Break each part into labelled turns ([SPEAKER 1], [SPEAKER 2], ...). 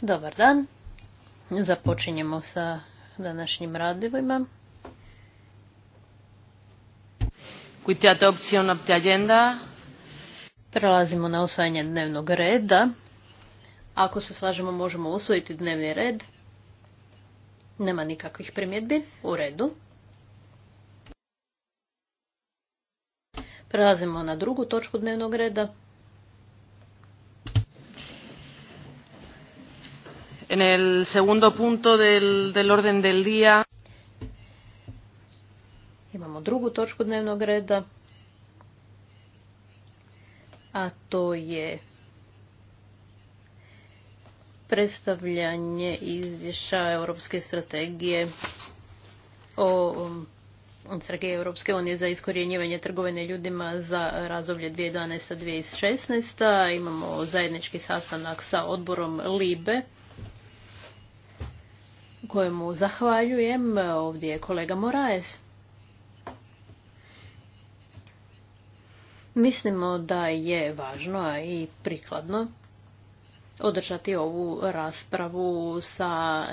[SPEAKER 1] Dobar dan. Započinjemo sa današnjim radivima. Prelazimo na usvajanje dnevnog reda. Ako se slažemo možemo usvojiti dnevni red. Nema nikakvih primjedbi. U redu. Prelazimo na drugu točku dnevnog reda. En el segundo punto del, del orden del día. Imamo drugu točku dnevnog reda, a to je predstavljanje izvješća Europske strategije o strategije Europske unije za iskorjenjivanje trgovine ljudima za razdoblje 2011-2016. Imamo zajednički sastanak sa odborom LIBE kojemu zahvaljujem. Ovdje je kolega Moraes. Mislimo da je važno, a i prikladno, održati ovu raspravu sa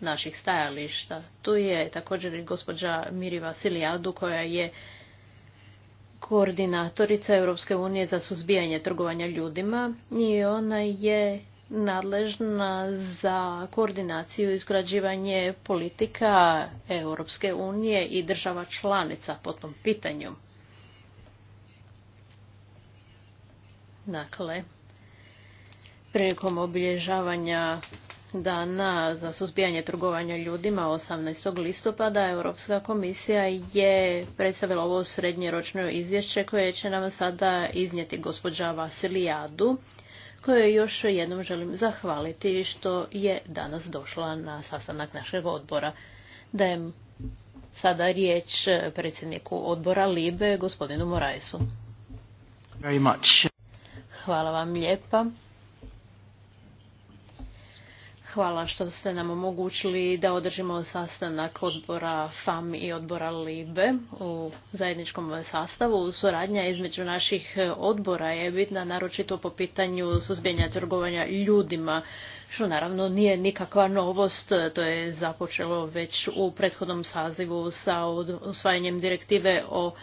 [SPEAKER 1] naših stajališta. Tu je također i gospođa Miriva Silijadu koja je koordinatorica Europske unije za suzbijanje trgovanja ljudima i ona je nadležna za koordinaciju i izgrađivanje politika Europske unije i država članica po tom pitanju. Dakle, prilikom obilježavanja dana za suzbijanje trgovanja ljudima 18. listopada Europska komisija je predstavila ovo srednjeročno izvješće koje će nam sada iznijeti gospođa Vasilijadu kojoj još jednom želim zahvaliti što je danas došla na sastanak našeg odbora. Dajem sada riječ predsjedniku odbora Libe, gospodinu Moraesu. Hvala vam lijepa. Hvala što ste nam omogućili da održimo sastanak odbora FAM i odbora LIBE u zajedničkom sastavu. Suradnja između naših odbora je bitna naročito po pitanju suzbijanja trgovanja ljudima, što naravno nije nikakva novost. To je započelo već u prethodnom sazivu sa usvajanjem direktive o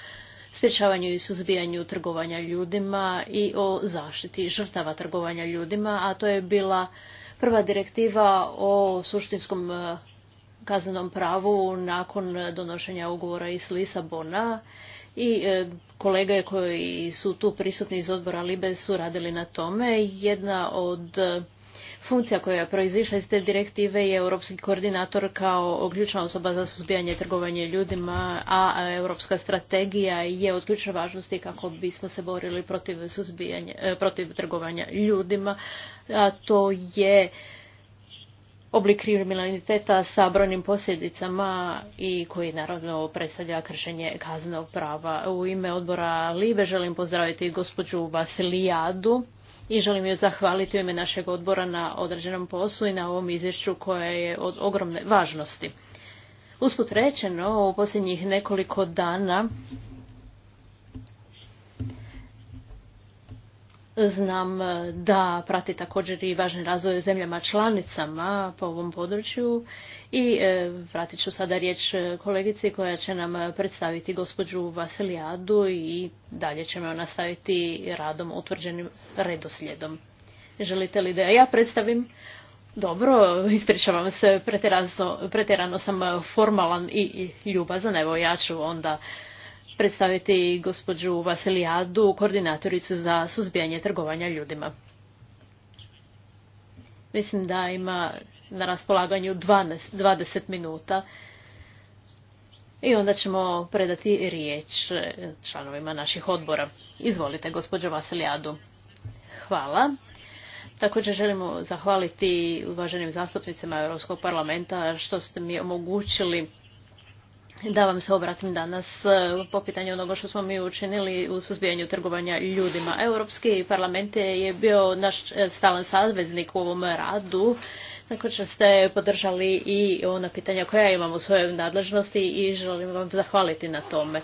[SPEAKER 1] sprječavanju i suzbijanju trgovanja ljudima i o zaštiti žrtava trgovanja ljudima, a to je bila prva direktiva o suštinskom e, kaznenom pravu nakon donošenja ugovora iz Lisabona i e, kolege koji su tu prisutni iz odbora Libe su radili na tome. Jedna od Funkcija koja proizišla iz te direktive je europski koordinator kao ključna osoba za suzbijanje trgovanje ljudima, a europska strategija je od ključne važnosti kako bismo se borili protiv, suzbijanja, e, protiv trgovanja ljudima. A to je oblik kriminaliteta sa brojnim posljedicama i koji naravno predstavlja kršenje kaznenog prava. U ime odbora Libe želim pozdraviti gospođu Vasilijadu i želim joj zahvaliti u ime našeg odbora na određenom poslu i na ovom izvješću koje je od ogromne važnosti. Usput rečeno, u posljednjih nekoliko dana Znam e, da prati također i važni razvoj u zemljama članicama po ovom području i e, vratit ću sada riječ e, kolegici koja će nam predstaviti gospođu Vasilijadu i dalje ćemo nastaviti radom utvrđenim redoslijedom. Želite li da ja predstavim? Dobro, ispričavam se, pretjerano sam formalan i ljubazan, evo ja ću onda predstaviti gospođu Vasilijadu, koordinatoricu za suzbijanje trgovanja ljudima. Mislim da ima na raspolaganju 12, 20 minuta i onda ćemo predati riječ e, članovima naših odbora. Izvolite, gospođo Vasilijadu. Hvala. Također želimo zahvaliti uvaženim zastupnicima Europskog parlamenta što ste mi omogućili da vam se obratim danas e, po pitanju onoga što smo mi učinili u suzbijanju trgovanja ljudima. Europski parlament je bio naš e, stalan saveznik u ovom radu. Također ste podržali i ona pitanja koja imamo u svojoj nadležnosti i želim vam zahvaliti na tome.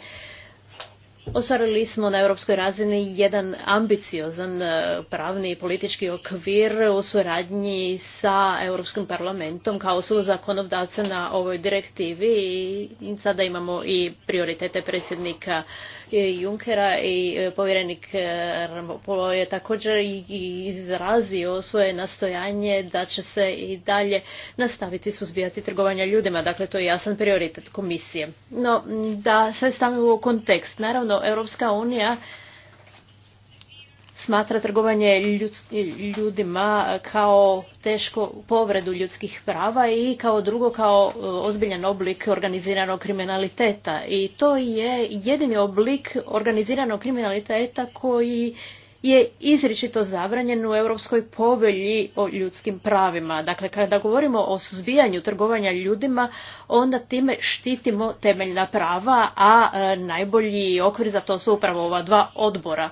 [SPEAKER 1] Osvarili smo na europskoj razini jedan ambiciozan e, pravni i politički okvir u suradnji sa Europskim parlamentom kao su zakonodavca na ovoj direktivi i sada imamo i prioritete predsjednika e, Junkera i e, povjerenik Rambopolo je također izrazio svoje nastojanje da će se i dalje nastaviti suzbijati trgovanja ljudima. Dakle, to je jasan prioritet komisije. No, da sve stavimo u kontekst. Naravno, EU Europska unija smatra trgovanje ljudima kao teško povredu ljudskih prava i kao drugo kao e, ozbiljan oblik organiziranog kriminaliteta. I to je jedini oblik organiziranog kriminaliteta koji je izričito zabranjen u Europskoj povelji o ljudskim pravima. Dakle, kada govorimo o suzbijanju trgovanja ljudima, onda time štitimo temeljna prava, a e, najbolji okvir za to su upravo ova dva odbora.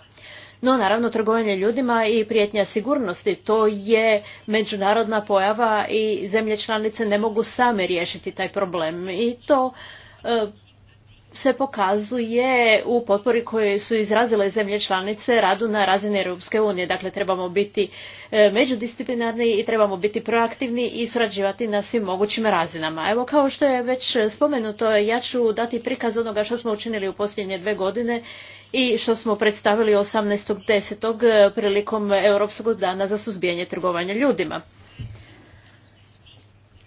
[SPEAKER 1] No, naravno, trgovanje ljudima i prijetnja sigurnosti, to je međunarodna pojava i zemlje članice ne mogu same riješiti taj problem. I to e, se pokazuje u potpori koje su izrazile zemlje članice radu na razini Europske unije. Dakle, trebamo biti e, međudisciplinarni i trebamo biti proaktivni i surađivati na svim mogućim razinama. Evo, kao što je već spomenuto, ja ću dati prikaz onoga što smo učinili u posljednje dve godine i što smo predstavili 18.10. prilikom Europskog dana za suzbijanje trgovanja ljudima.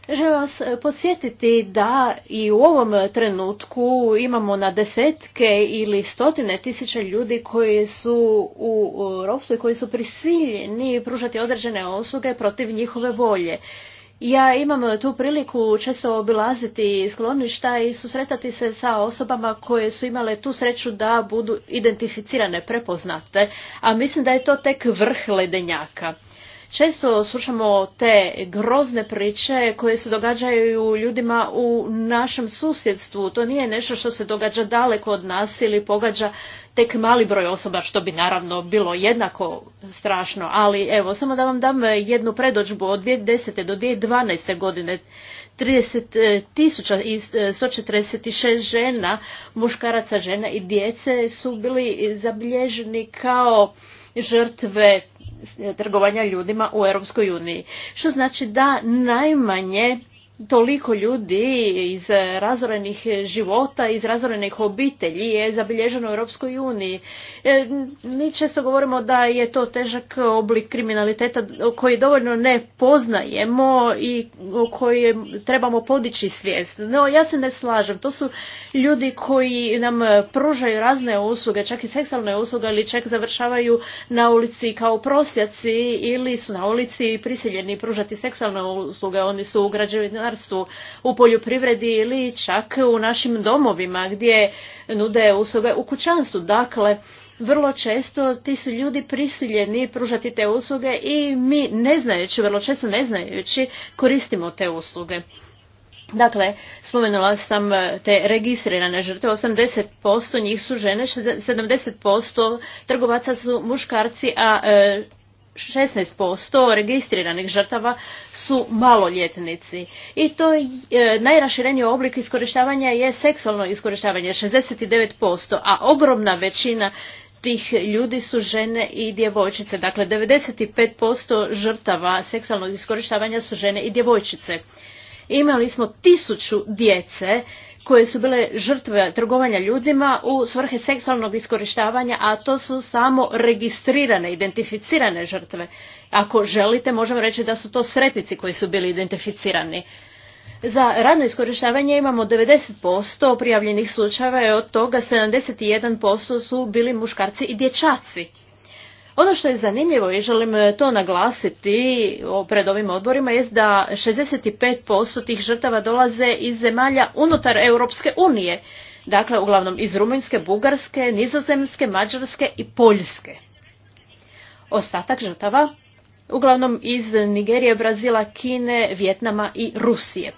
[SPEAKER 1] Želim vas e, podsjetiti da i u ovom trenutku imamo na desetke ili stotine tisuća ljudi koji su u ropstvu i koji su prisiljeni pružati određene osuge protiv njihove volje. Ja imam tu priliku često obilaziti skloništa i susretati se sa osobama koje su imale tu sreću da budu identificirane, prepoznate, a mislim da je to tek vrh ledenjaka. Često slušamo te grozne priče koje se događaju ljudima u našem susjedstvu. To nije nešto što se događa daleko od nas ili pogađa tek mali broj osoba, što bi naravno bilo jednako strašno. Ali evo, samo da vam dam jednu predođbu od 2010. do 2012. godine. 30.146 žena, muškaraca, žena i djece su bili zabilježeni kao žrtve trgovanja ljudima u Europskoj uniji. Što znači da najmanje toliko ljudi iz razorenih života, iz razorenih obitelji je zabilježeno u Europskoj uniji. E, mi često govorimo da je to težak oblik kriminaliteta koji dovoljno ne poznajemo i o kojem trebamo podići svijest. No, ja se ne slažem. To su ljudi koji nam pružaju razne usluge, čak i seksualne usluge, ali čak završavaju na ulici kao prosjaci ili su na ulici prisiljeni pružati seksualne usluge. Oni su u gospodarstvu, u poljoprivredi ili čak u našim domovima gdje nude usluge u kućanstvu. Dakle, vrlo često ti su ljudi prisiljeni pružati te usluge i mi ne znajući, vrlo često ne znajući, koristimo te usluge. Dakle, spomenula sam te registrirane žrtve, 80% njih su žene, 70% trgovaca su muškarci, a e, 16% registriranih žrtava su maloljetnici. I to je, e, najrašireniji oblik iskorištavanja je seksualno iskorištavanje, 69%, a ogromna većina tih ljudi su žene i djevojčice. Dakle, 95% žrtava seksualnog iskorištavanja su žene i djevojčice. Imali smo tisuću djece koje su bile žrtve trgovanja ljudima u svrhe seksualnog iskorištavanja, a to su samo registrirane, identificirane žrtve. Ako želite, možemo reći da su to sretnici koji su bili identificirani. Za radno iskorištavanje imamo 90% prijavljenih slučajeva i od toga 71% su bili muškarci i dječaci. Ono što je zanimljivo i želim e, to naglasiti pred ovim odborima je da 65% tih žrtava dolaze iz zemalja unutar Europske unije. Dakle, uglavnom iz Rumunjske, Bugarske, Nizozemske, Mađarske i Poljske. Ostatak žrtava uglavnom iz Nigerije, Brazila, Kine, Vjetnama i Rusije.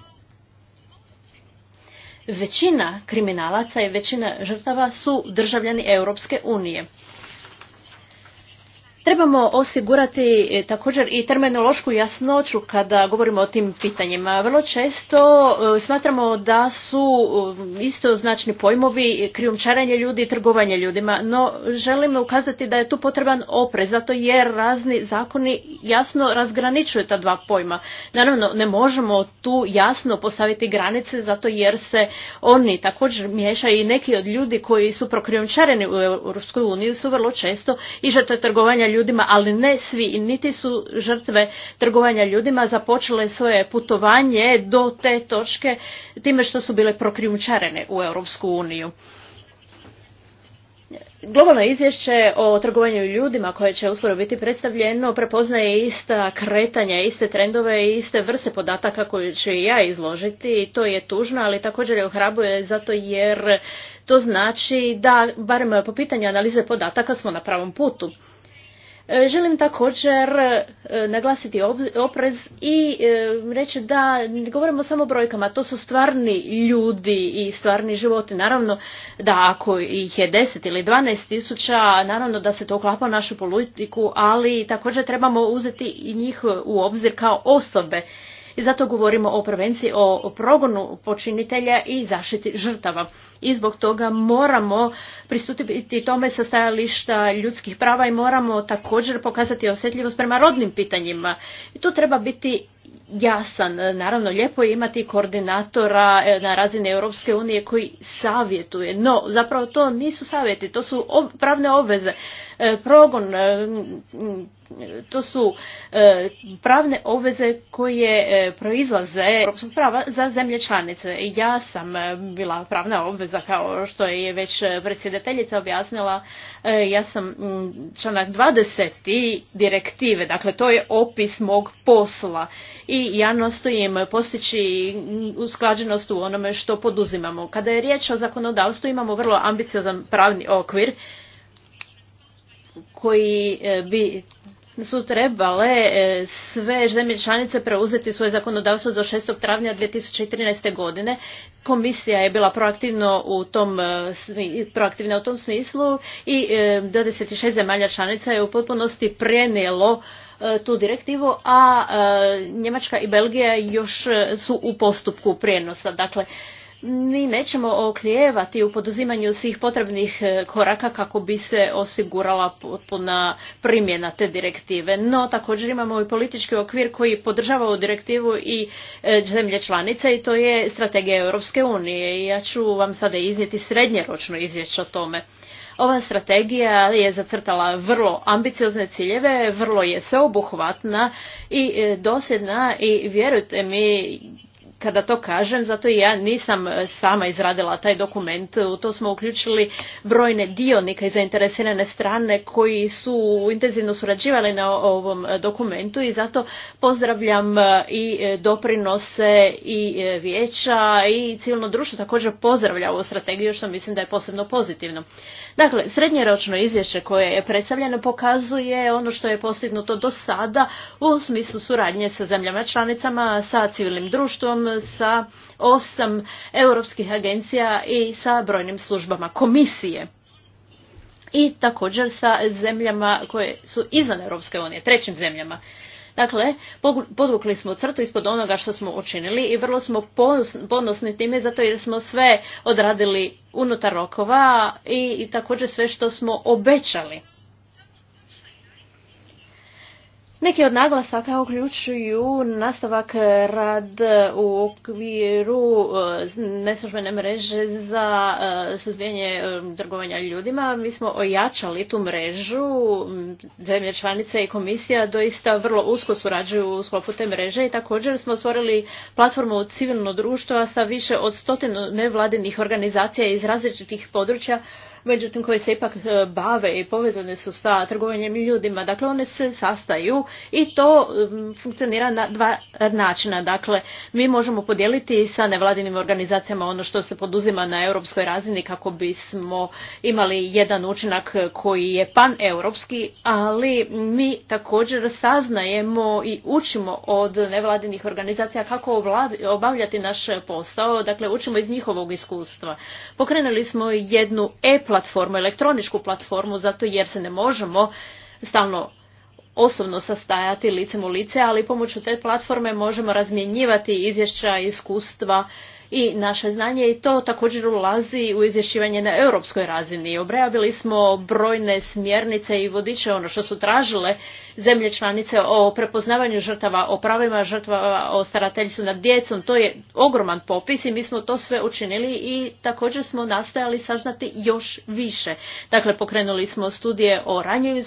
[SPEAKER 1] Većina kriminalaca i većina žrtava su državljani Europske unije. Trebamo osigurati e, također i terminološku jasnoću kada govorimo o tim pitanjima. Vrlo često e, smatramo da su e, isto značni pojmovi krijumčarenje ljudi i trgovanje ljudima, no želim ukazati da je tu potreban oprez, zato jer razni zakoni jasno razgraničuju ta dva pojma. Naravno, ne možemo tu jasno postaviti granice zato jer se oni također miješaju i neki od ljudi koji su prokrijumčareni u EU su vrlo često i žrtve trgovanja ljudima, ali ne svi i niti su žrtve trgovanja ljudima započele svoje putovanje do te točke time što su bile prokrijumčarene u Europsku uniju. Globalno izvješće o trgovanju ljudima koje će uskoro biti predstavljeno prepoznaje ista kretanja, iste trendove i iste vrste podataka koje ću i ja izložiti i to je tužno, ali također je ohrabuje zato jer to znači da barem po pitanju analize podataka smo na pravom putu. E, želim također e, naglasiti oprez i e, reći da ne govorimo samo o brojkama, to su stvarni ljudi i stvarni životi. Naravno da ako ih je 10 ili 12 tisuća, naravno da se to uklapa u našu politiku, ali također trebamo uzeti i njih u obzir kao osobe. I zato govorimo o prevenciji, o progonu počinitelja i zaštiti žrtava. I zbog toga moramo pristupiti tome sa stajališta ljudskih prava i moramo također pokazati osjetljivost prema rodnim pitanjima. I tu treba biti jasan. Naravno, lijepo je imati koordinatora e, na razini Europske unije koji savjetuje, no zapravo to nisu savjeti, to su pravne obveze. E, progon, e, to su e, pravne obveze koje proizlaze prava za zemlje članice. Ja sam bila pravna obveza kao što je već predsjedateljica objasnila, ja sam članak 20. direktive, dakle to je opis mog posla i ja nastojim postići usklađenost u onome što poduzimamo. Kada je riječ o zakonodavstvu imamo vrlo ambiciozan pravni okvir koji e, bi su trebale e, sve zemlje članice preuzeti svoje zakonodavstvo do 6. travnja 2013. godine. Komisija je bila proaktivno u tom, e, proaktivna u tom smislu i 26 zemalja članica je u potpunosti prenijelo tu direktivu, a Njemačka i Belgija još su u postupku prijenosa. Dakle, mi nećemo oklijevati u poduzimanju svih potrebnih e, koraka kako bi se osigurala potpuna primjena te direktive. No također imamo i politički okvir koji podržava ovu direktivu i e, zemlje članice i to je strategija Europske unije. Ja ću vam sada iznijeti srednjeročno izvješće o tome. Ova strategija je zacrtala vrlo ambiciozne ciljeve, vrlo je sveobuhvatna i e, dosjedna i vjerujte mi kada to kažem, zato i ja nisam e, sama izradila taj dokument. U to smo uključili brojne dionika i zainteresirane strane koji su intenzivno surađivali na ovom e, dokumentu i zato pozdravljam e, i doprinose i vijeća i civilno društvo također pozdravlja ovu strategiju što mislim da je posebno pozitivno. Dakle, srednjeročno izvješće koje je predstavljeno pokazuje ono što je postignuto do sada u smislu suradnje sa zemljama članicama, sa civilnim društvom, sa osam europskih agencija i sa brojnim službama komisije i također sa zemljama koje su izvan Europske unije, trećim zemljama. Dakle, podvukli smo crtu ispod onoga što smo učinili i vrlo smo ponosni time zato jer smo sve odradili unutar rokova i, i također sve što smo obećali. Neki od naglasaka uključuju nastavak rad u okviru e, neslužbene mreže za e, suzbijanje e, trgovanja ljudima. Mi smo ojačali tu mrežu, zemlje članice i komisija doista vrlo usko surađuju u sklopu te mreže i također smo stvorili platformu civilnog društva sa više od stotinu nevladinih organizacija iz različitih područja međutim koje se ipak e, bave i povezane su sa trgovanjem ljudima. Dakle, one se sastaju i to funkcionira na dva načina. Dakle, mi možemo podijeliti sa nevladinim organizacijama ono što se poduzima na europskoj razini kako bismo imali jedan učinak koji je paneuropski, ali mi također saznajemo i učimo od nevladinih organizacija kako obavljati naš posao, dakle učimo iz njihovog iskustva. Pokrenuli smo jednu e platformu, elektroničku platformu, zato jer se ne možemo stalno osobno sastajati licem u lice, ali pomoću te platforme možemo razmjenjivati izvješća, iskustva, i naše znanje i to također ulazi u izvješćivanje na europskoj razini. Obrajabili smo brojne smjernice i vodiče ono što su tražile zemlje članice o prepoznavanju žrtava, o pravima žrtava, o starateljstvu nad djecom. To je ogroman popis i mi smo to sve učinili i također smo nastojali saznati još više. Dakle, pokrenuli smo studije o ranjivim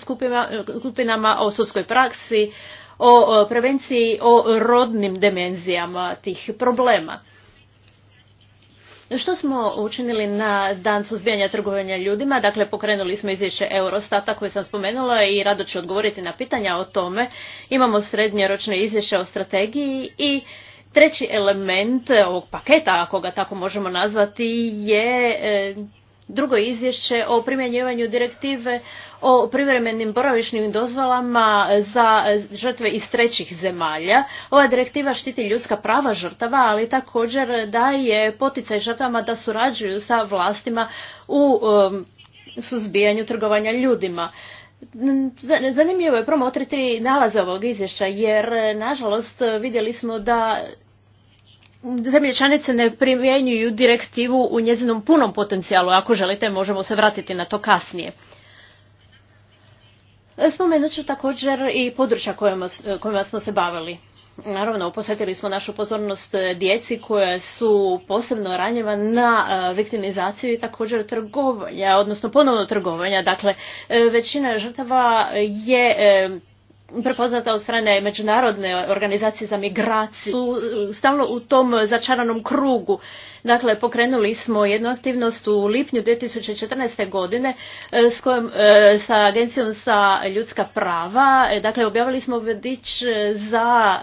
[SPEAKER 1] skupinama, o sudskoj praksi, o prevenciji, o rodnim demenzijama tih problema. Što smo učinili na dan suzbijanja trgovanja ljudima? Dakle, pokrenuli smo izvješće Eurostata koje sam spomenula i rado ću odgovoriti na pitanja o tome. Imamo ročne izvješće o strategiji i treći element ovog paketa, ako ga tako možemo nazvati, je e, drugo izvješće o primjenjivanju direktive o privremenim boravišnim dozvolama za žrtve iz trećih zemalja. Ova direktiva štiti ljudska prava žrtava, ali također daje poticaj žrtvama da surađuju sa vlastima u um, suzbijanju trgovanja ljudima. Zanimljivo je promotriti nalaze ovog izvješća jer nažalost vidjeli smo da zemlje članice ne primjenjuju direktivu u njezinom punom potencijalu. Ako želite, možemo se vratiti na to kasnije. E, spomenut ću također i područja kojima, e, kojima smo se bavili. Naravno, posvetili smo našu pozornost e, djeci koje su posebno ranjiva na viktimizaciju i također trgovanja, odnosno ponovno trgovanja. Dakle, većina žrtava je prepoznata od strane međunarodne organizacije za migraciju su e, stalno u tom začaranom krugu. Dakle, pokrenuli smo jednu aktivnost u lipnju 2014. godine e, s kojom, e, sa Agencijom za ljudska prava. Dakle, objavili smo vodič za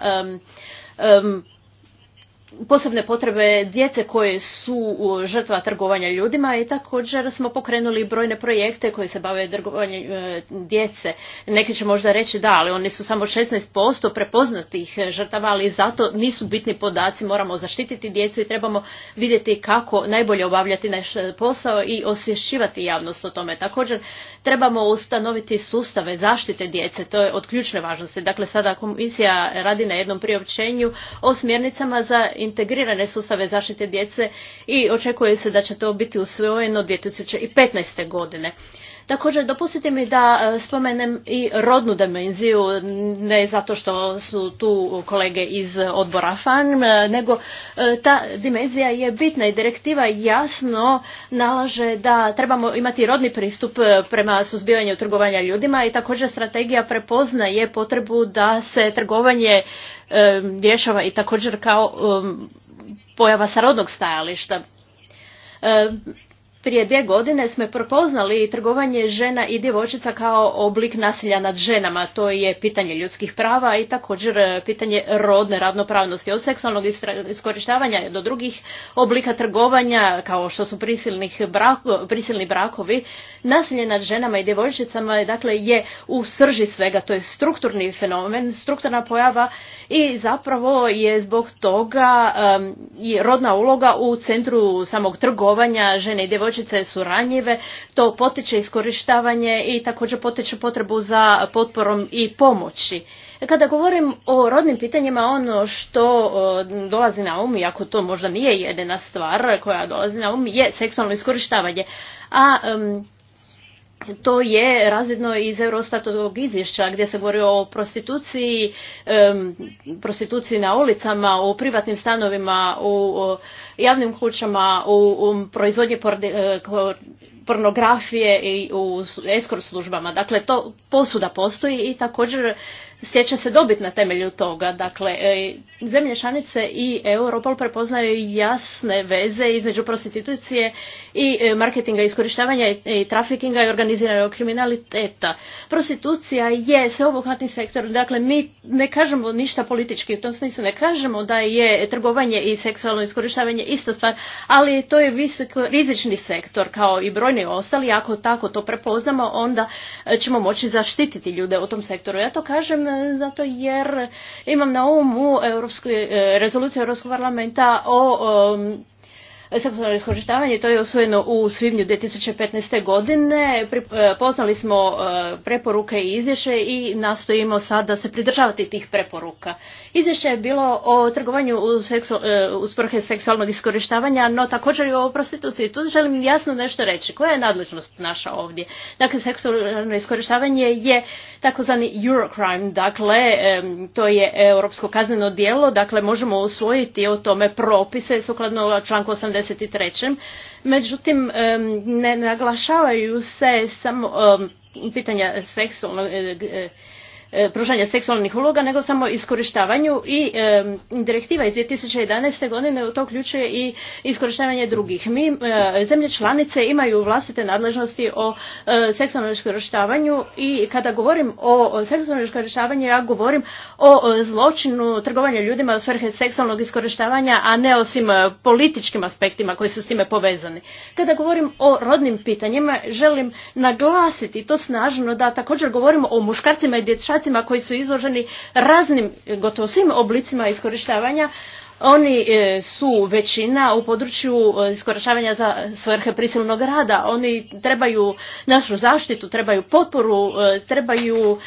[SPEAKER 1] posebne potrebe djece koje su žrtva trgovanja ljudima i također smo pokrenuli brojne projekte koji se bave trgovanjem e, djece. Neki će možda reći da, ali oni su samo 16% prepoznatih e, žrtava, ali zato nisu bitni podaci, moramo zaštititi djecu i trebamo vidjeti kako najbolje obavljati naš e, posao i osvješćivati javnost o tome. Također trebamo ustanoviti sustave zaštite djece. To je od ključne važnosti. Dakle, sada komisija radi na jednom priopćenju o smjernicama za integrirane sustave zaštite djece i očekuje se da će to biti usvojeno 2015. godine. Također, dopustite mi da e, spomenem i rodnu dimenziju, ne zato što su tu kolege iz odbora FAN, e, nego e, ta dimenzija je bitna i direktiva jasno nalaže da trebamo imati rodni pristup prema suzbivanju trgovanja ljudima i također strategija prepoznaje potrebu da se trgovanje rješava i također kao pojava sa rodnog stajališta prije dvije godine smo prepoznali trgovanje žena i djevojčica kao oblik nasilja nad ženama. To je pitanje ljudskih prava i također pitanje rodne ravnopravnosti od seksualnog iskorištavanja do drugih oblika trgovanja kao što su prisilnih prisilni brakovi. Nasilje nad ženama i djevojčicama dakle, je u srži svega. To je strukturni fenomen, strukturna pojava i zapravo je zbog toga um, i rodna uloga u centru samog trgovanja žene i djevojčice djevojčice su ranjive, to potiče iskorištavanje i također potiče potrebu za potporom i pomoći. E, kada govorim o rodnim pitanjima, ono što dolazi na um, iako to možda nije jedina stvar koja dolazi na um, je seksualno iskorištavanje. A to je razvidno iz Eurostatovog izvješća gdje se govori o prostituciji, prostituciji na ulicama, u privatnim stanovima, u javnim kućama, u proizvodnji e, pornografije i u eskort službama. Dakle, to posuda postoji i također stječe se dobit na temelju toga. Dakle, e, zemlje članice i Europol prepoznaju jasne veze između prostitucije i e, marketinga, iskorištavanja i trafikinga i organiziranog kriminaliteta. Prostitucija je sveobuhvatni sektor, dakle mi ne kažemo ništa politički u tom smislu, ne kažemo da je trgovanje i seksualno iskorištavanje isto stvar, ali to je visoko rizični sektor kao i brojni ostali, ako tako to prepoznamo onda e, ćemo moći zaštititi ljude u tom sektoru. Ja to kažem zato jer imam na umu eh, rezoluciju Europskog parlamenta o um, seksualno to je osvojeno u svibnju 2015. godine. Eh, poznali smo eh, preporuke i izvješće i nastojimo sada se pridržavati tih preporuka. Izvješće je bilo o trgovanju u, seksu, seksualnog iskorištavanja, no također i o prostituciji. Tu želim jasno nešto reći. Koja je nadležnost naša ovdje? Dakle, seksualno iskorištavanje je takozvani Eurocrime, dakle to je europsko kazneno djelo, dakle možemo usvojiti o tome propise sukladno članku 83. Međutim, ne naglašavaju se samo pitanja seksualnog E, pružanja seksualnih uloga nego samo iskorištavanju i e, direktiva iz 2011. godine u to uključuje i iskorištavanje drugih. Mi, e, zemlje članice imaju vlastite nadležnosti o seksualnom iskorištavanju i kada govorim o seksualnom iskorištavanju ja govorim o zločinu trgovanja ljudima u svrhe seksualnog iskorištavanja, a ne osim političkim aspektima koji su s time povezani. Kada govorim o rodnim pitanjima, želim naglasiti to snažno da također govorimo o muškarcima i dječacima Hrvatima koji su izloženi raznim, gotovo svim oblicima iskorištavanja, oni e, su većina u području e, iskorištavanja za svrhe prisilnog rada. Oni trebaju našu zaštitu, trebaju potporu, e, trebaju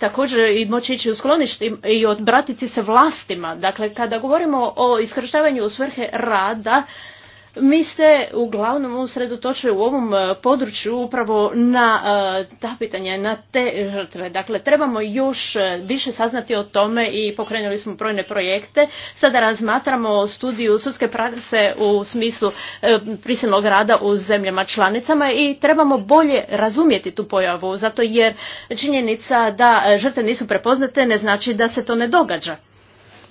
[SPEAKER 1] također i moći ići u sklonište i odbratiti se vlastima. Dakle, kada govorimo o iskorištavanju u svrhe rada, mi ste uglavnom usredotočili u ovom e, području upravo na e, ta pitanja, na te žrtve. Dakle, trebamo još e, više saznati o tome i pokrenuli smo brojne projekte. Sada razmatramo studiju sudske prakse u smislu prisilnog rada u zemljama članicama i trebamo bolje razumjeti tu pojavu, zato jer činjenica da žrtve nisu prepoznate ne znači da se to ne događa.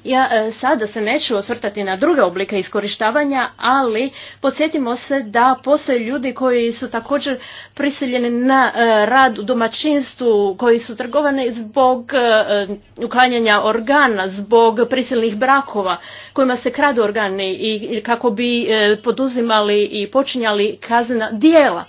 [SPEAKER 1] Ja e, sada se neću osvrtati na druge oblike iskorištavanja, ali podsjetimo se da postoje ljudi koji su također prisiljeni na e, rad u domaćinstvu, koji su trgovani zbog e, uklanjanja organa, zbog prisilnih brakova kojima se kradu organi i kako bi poduzimali i počinjali kaznena dijela.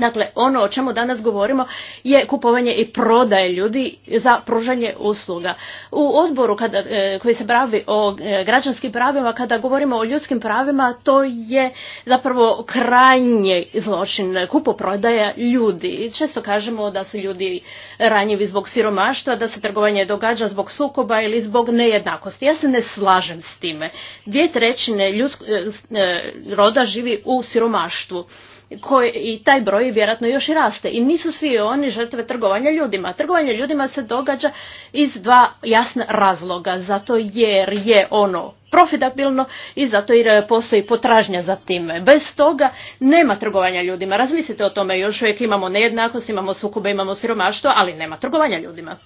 [SPEAKER 1] Dakle, ono o čemu danas govorimo je kupovanje i prodaje ljudi za pružanje usluga. U odboru kada, e, koji se bavi o e, građanskim pravima, kada govorimo o ljudskim pravima, to je zapravo krajnji zločin, kupoprodaja ljudi. Često kažemo da su ljudi ranjivi zbog siromaštva, da se trgovanje događa zbog sukoba ili zbog nejednakosti. Ja se ne slažem s time. Dvije trećine e, roda živi u siromaštvu koji, i taj broj vjerojatno još i raste. I nisu svi oni žrtve trgovanja ljudima. Trgovanje ljudima se događa iz dva jasna razloga, zato jer je ono profitabilno i zato jer postoji potražnja za time. Bez toga nema trgovanja ljudima. Razmislite o tome, još uvijek imamo nejednakost, imamo sukube, imamo siromaštvo, ali nema trgovanja ljudima.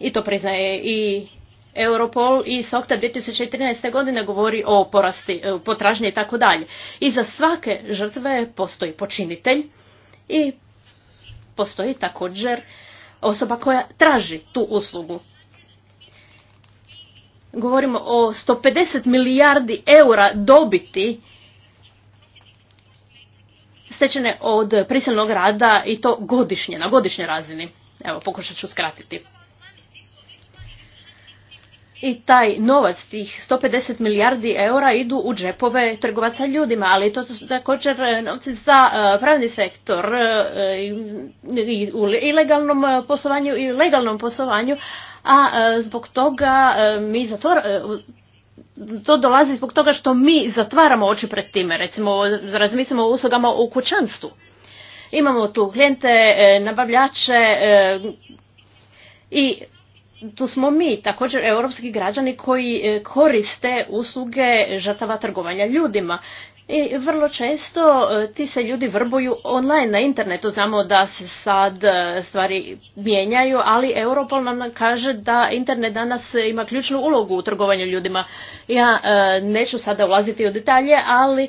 [SPEAKER 1] I to priznaje i Europol i tisuće 2013. godine govori o porasti, e, potražnje i tako dalje. I za svake žrtve postoji počinitelj i postoji također osoba koja traži tu uslugu. Govorimo o 150 milijardi eura dobiti stečene od prisilnog rada i to godišnje, na godišnjoj razini. Evo, pokušat ću skratiti i taj novac, tih 150 milijardi eura idu u džepove trgovaca ljudima, ali to su također e, novci za e, pravni sektor e, i u ilegalnom poslovanju i legalnom poslovanju, a zbog toga mi to dolazi zbog toga što mi zatvaramo oči pred time, recimo razmislimo o uslugama u kućanstvu. Imamo tu klijente, nabavljače i tu smo mi, također europski građani koji e, koriste usluge žrtava trgovanja ljudima. I vrlo često e, ti se ljudi vrbuju online na internetu. Znamo da se sad e, stvari mijenjaju, ali Europol nam kaže da internet danas ima ključnu ulogu u trgovanju ljudima. Ja e, neću sada ulaziti u detalje, ali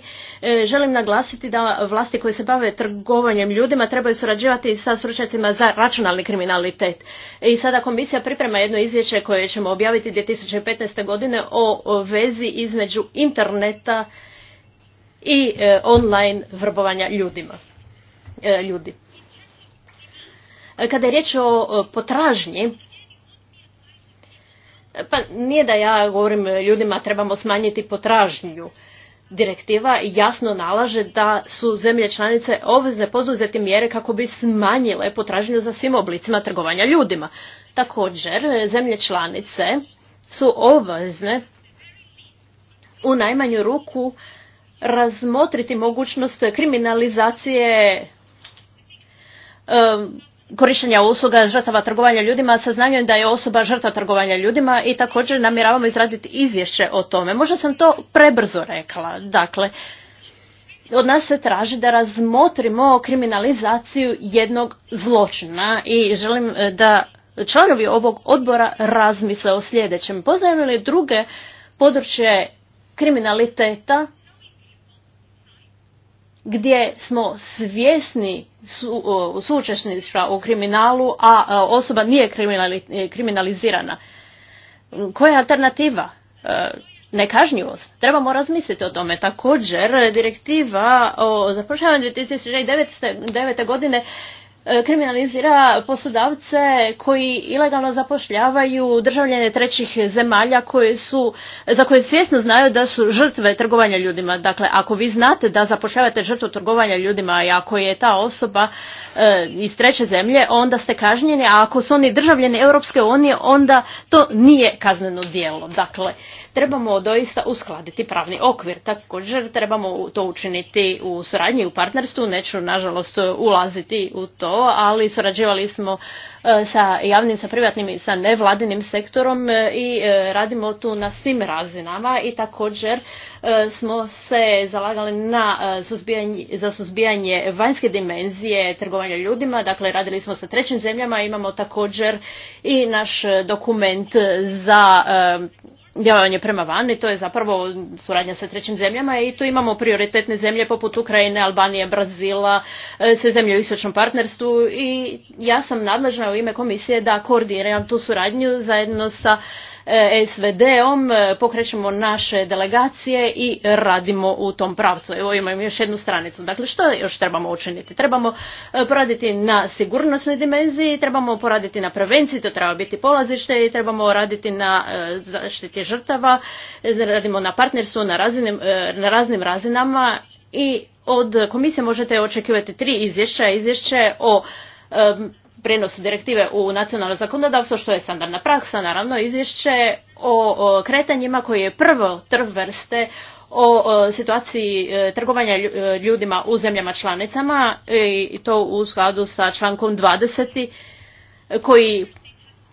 [SPEAKER 1] želim naglasiti da vlasti koje se bave trgovanjem ljudima trebaju surađivati sa stručnjacima za računalni kriminalitet. I sada komisija priprema jedno izvješće koje ćemo objaviti 2015. godine o vezi između interneta i e, online vrbovanja ljudima, e, ljudi. E, kada je riječ o potražnji, pa nije da ja govorim ljudima trebamo smanjiti potražnju. Direktiva jasno nalaže da su zemlje članice obvezne poduzeti mjere kako bi smanjile potražnju za svim oblicima trgovanja ljudima. Također, zemlje članice su obvezne u najmanju ruku razmotriti mogućnost kriminalizacije korištenja usluga žrtava trgovanja ljudima sa znanjem da je osoba žrtva trgovanja ljudima i također namjeravamo izraditi izvješće o tome. Možda sam to prebrzo rekla. Dakle, od nas se traži da razmotrimo kriminalizaciju jednog zločina i želim e, da članovi ovog odbora razmisle o sljedećem. Poznajemo li druge područje kriminaliteta gdje smo svjesni su, u kriminalu, a e, osoba nije e, kriminalizirana. Koja je alternativa? E, nekažnjivost. Trebamo razmisliti o tome. Također, direktiva o zapošljavanju 2009. godine E, kriminalizira poslodavce koji ilegalno zapošljavaju državljane trećih zemalja koje su, za koje svjesno znaju da su žrtve trgovanja ljudima. Dakle, ako vi znate da zapošljavate žrtvu trgovanja ljudima i ako je ta osoba e, iz treće zemlje, onda ste kažnjeni, a ako su oni državljani Europske unije, onda to nije kazneno djelo. Dakle, trebamo doista uskladiti pravni okvir. Također trebamo to učiniti u suradnji, i u partnerstvu. Neću, nažalost, ulaziti u to ali surađivali smo e, sa javnim, sa privatnim i sa nevladinim sektorom e, i e, radimo tu na svim razinama i također smo se zalagali na za suzbijanje vanjske dimenzije trgovanja ljudima, dakle radili smo sa trećim zemljama, imamo također i naš dokument za djelovanje prema vani, to je zapravo suradnja sa trećim zemljama i tu imamo prioritetne zemlje poput Ukrajine, Albanije, Brazila, e, sve zemlje u istočnom partnerstvu i ja sam nadležna u ime komisije da koordiniram tu suradnju zajedno sa E, SVD-om, e, pokrećemo naše delegacije i radimo u tom pravcu. Evo imam još jednu stranicu. Dakle, što još trebamo učiniti? Trebamo e, poraditi na sigurnosnoj dimenziji, trebamo poraditi na prevenciji, to treba biti polazište i trebamo raditi na zaštiti žrtava, radimo na partnerstvu na, na raznim razinama i od komisije možete očekivati tri izvješća. Izvješće o prijenos direktive u nacionalno zakonodavstvo, što je standardna praksa, naravno izvješće o, kretanjima koje je prvo trv vrste o, situaciji e, trgovanja e, ljudima u zemljama članicama i to u skladu sa člankom 20 e, koji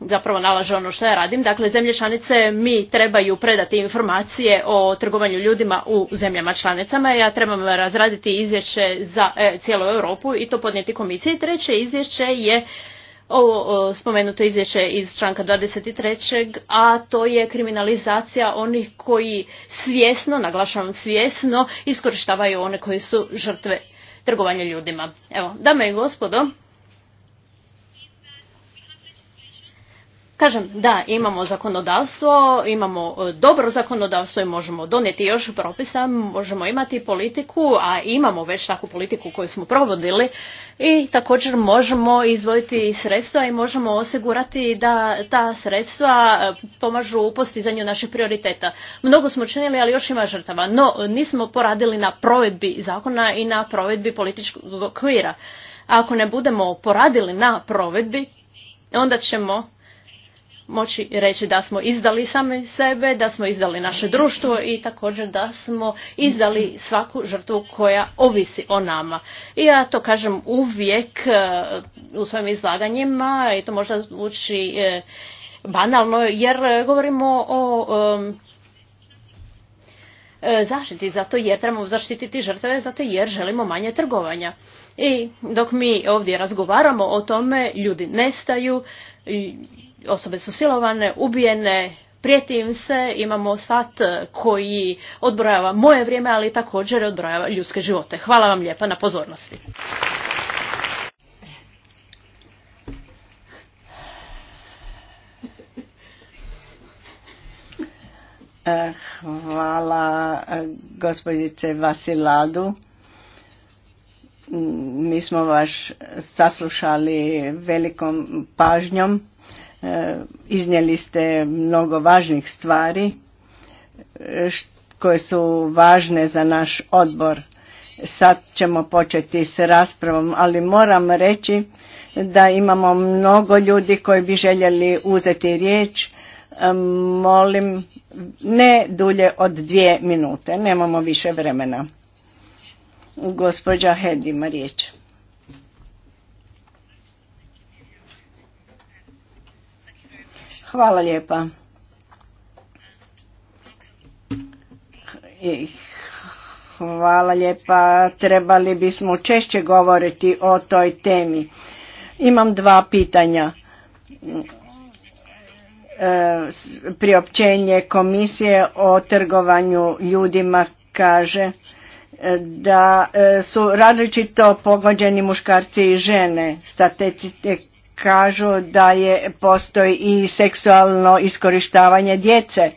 [SPEAKER 1] zapravo nalaže ono što ja radim. Dakle, zemlje članice mi trebaju predati informacije o trgovanju ljudima u zemljama članicama. Ja trebam razraditi izvješće za e, cijelu Europu i to podnijeti komisiji. Treće izvješće je ovo spomenuto izvješće iz članka 23. a to je kriminalizacija onih koji svjesno, naglašavam svjesno, iskorištavaju one koji su žrtve trgovanja ljudima. Evo, dame i gospodo, Kažem, da, imamo zakonodavstvo, imamo e, dobro zakonodavstvo i možemo donijeti još propisa, možemo imati politiku, a imamo već takvu politiku koju smo provodili i također možemo izvojiti sredstva i možemo osigurati da ta sredstva e, pomažu u postizanju naših prioriteta. Mnogo smo činili, ali još ima žrtava, no nismo poradili na provedbi zakona i na provedbi političkog okvira. Ako ne budemo poradili na provedbi, onda ćemo moći reći da smo izdali sami sebe, da smo izdali naše društvo i također da smo izdali svaku žrtvu koja ovisi o nama. I ja to kažem uvijek e, u svojim izlaganjima i to možda zvuči e, banalno jer govorimo o e, zaštiti zato jer trebamo zaštititi žrtve zato jer želimo manje trgovanja. I dok mi ovdje razgovaramo o tome, ljudi nestaju, Osobe su silovane, ubijene, prijeti im se, imamo sat e, koji odbrojava moje vrijeme, ali također odbrojava ljudske živote. Hvala vam lijepa na pozornosti.
[SPEAKER 2] E, hvala e, gospođice Vasiladu. Mi smo vas saslušali velikom pažnjom. Iznijeli ste mnogo važnih stvari e, koje su važne za naš odbor. Sad ćemo početi s raspravom, ali moram reći da imamo mnogo ljudi koji bi željeli uzeti riječ. E, molim, ne dulje od dvije minute, nemamo više vremena. Gospođa Hedima riječ. Hvala lijepa. Hvala lijepa. Trebali bismo češće govoriti o toj temi. Imam dva pitanja. E, priopćenje komisije o trgovanju ljudima kaže e, da e, su različito pogođeni muškarci i žene. Statistike kažu da je postoji i seksualno iskorištavanje djece.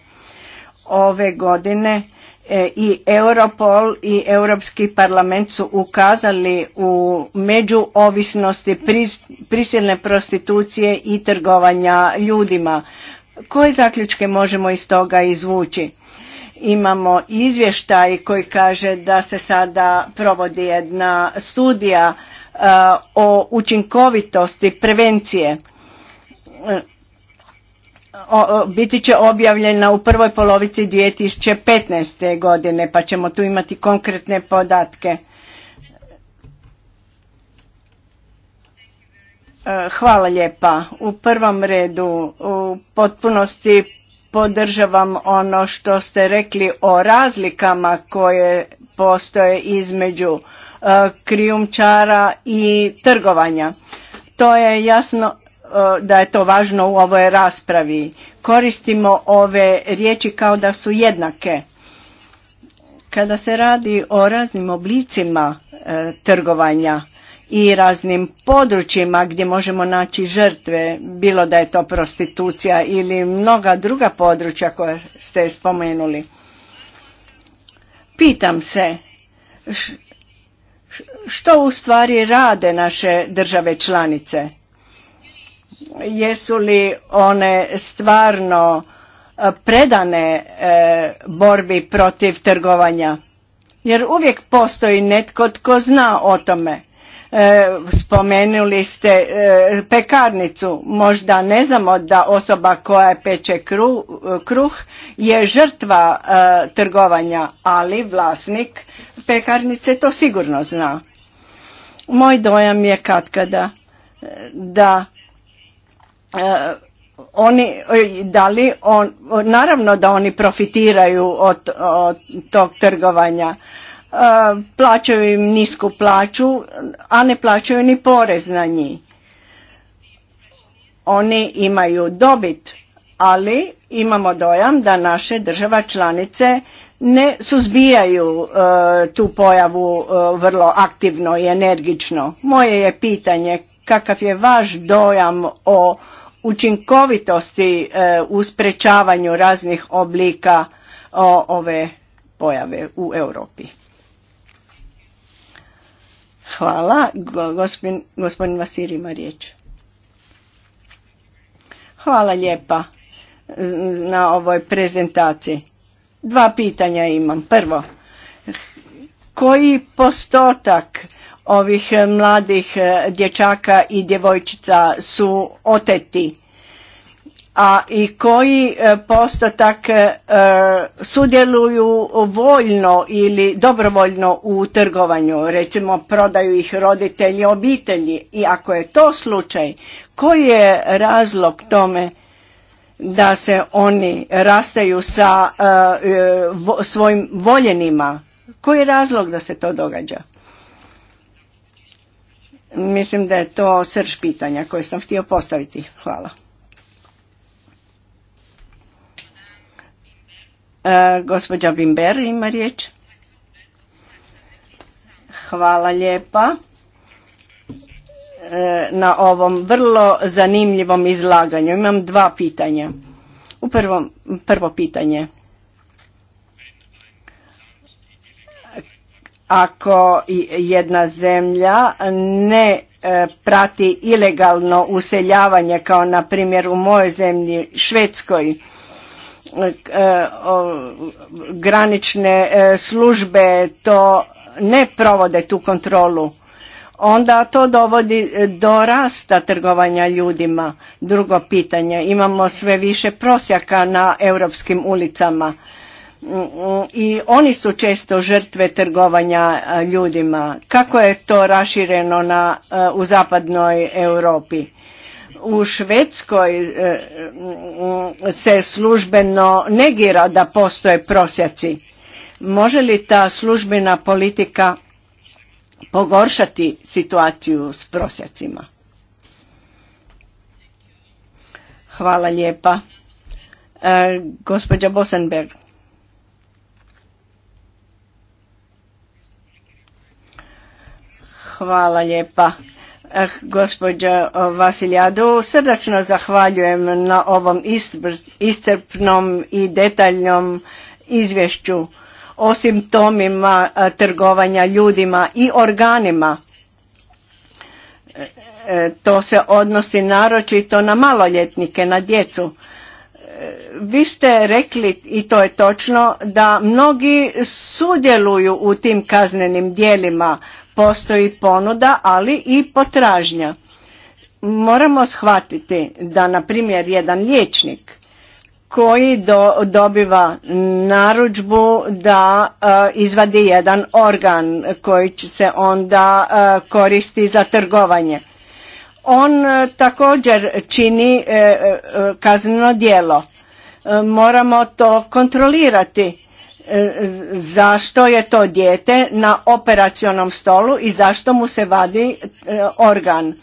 [SPEAKER 2] Ove godine e, i Europol i Europski parlament su ukazali u međuovisnosti prisilne prostitucije i trgovanja ljudima. Koje zaključke možemo iz toga izvući? Imamo izvještaj koji kaže da se sada provodi jedna studija o učinkovitosti prevencije biti će objavljena u prvoj polovici 2015. godine pa ćemo tu imati konkretne podatke. E, hvala lijepa. U prvom redu u potpunosti podržavam ono što ste rekli o razlikama koje postoje između E, krijumčara i trgovanja. To je jasno e, da je to važno u ovoj raspravi. Koristimo ove riječi kao da su jednake. Kada se radi o raznim oblicima e, trgovanja i raznim područjima gdje možemo naći žrtve, bilo da je to prostitucija ili mnoga druga područja koje ste spomenuli. Pitam se što u stvari rade naše države članice jesu li one stvarno e, predane e, borbi protiv trgovanja jer uvijek postoji netko tko zna o tome e, spomenuli ste pekarnicu možda ne znamo da osoba koja peče kruh je žrtva trgovanja ali vlasnik pekarnice to sigurno zna moj dojam je katkada e, da e, oni, e, da li on, naravno da oni profitiraju od, tog trgovanja. plaćaju im nisku plaću, a ne plaćaju ni porez na njih. Oni imaju dobit, ali imamo dojam da naše država članice ne suzbijaju e, tu pojavu e, vrlo aktivno i energično. Moje je pitanje kakav je vaš dojam o učinkovitosti e, u sprečavanju raznih oblika o, ove pojave u Europi. Hvala. Gospodin, gospodin Vasir ima riječ. Hvala lijepa e, na ovoj prezentaciji dva pitanja imam. Prvo, koji postotak ovih mladih e, dječaka i djevojčica su oteti? a i koji e, postotak e, sudjeluju voljno ili dobrovoljno u trgovanju, recimo prodaju ih roditelji, obitelji i ako je to slučaj, koji je razlog tome da se oni rastaju sa eh, eh, svojim voljenima. Koji je razlog da se to događa? Mislim da je to srž pitanja koje sam htio postaviti. Hvala. Eh, gospođa Bimber ima riječ. Hvala lijepa. E, na ovom vrlo zanimljivom izlaganju. Imam dva pitanja. U prvom, prvo pitanje. Ako jedna zemlja ne e, prati ilegalno useljavanje kao na primjer u mojoj zemlji Švedskoj e, granične službe to ne provode tu kontrolu onda to dovodi e, do rasta trgovanja ljudima. Drugo pitanje, imamo sve više prosjaka na europskim ulicama mm, mm, i oni su često žrtve trgovanja e, ljudima. Kako je to rašireno na, e, u zapadnoj Europi? U Švedskoj mm, se službeno negira da postoje prosjaci. Može li ta službena politika pogoršati situaciju s prosjacima. Hvala lijepa. E, Bosenberg. Hvala lijepa. Eh, gospođa srdačno zahvaljujem na ovom iscrpnom i detaljnom izvješću o simptomima e, trgovanja ljudima i organima. E, e, to se odnosi naročito na maloljetnike, na djecu. Vi ste rekli, i to je točno, da mnogi sudjeluju u tim kaznenim dijelima. Postoji ponuda, ali i potražnja. Moramo shvatiti da, na primjer, jedan liječnik koji dobiva narudžbu da e, izvadi jedan organ koji će se onda e, koristi za trgovanje. On e, također čini kazneno djelo. Moramo to kontrolirati zašto je to dijete na operacionom stolu i zašto mu se vadi organ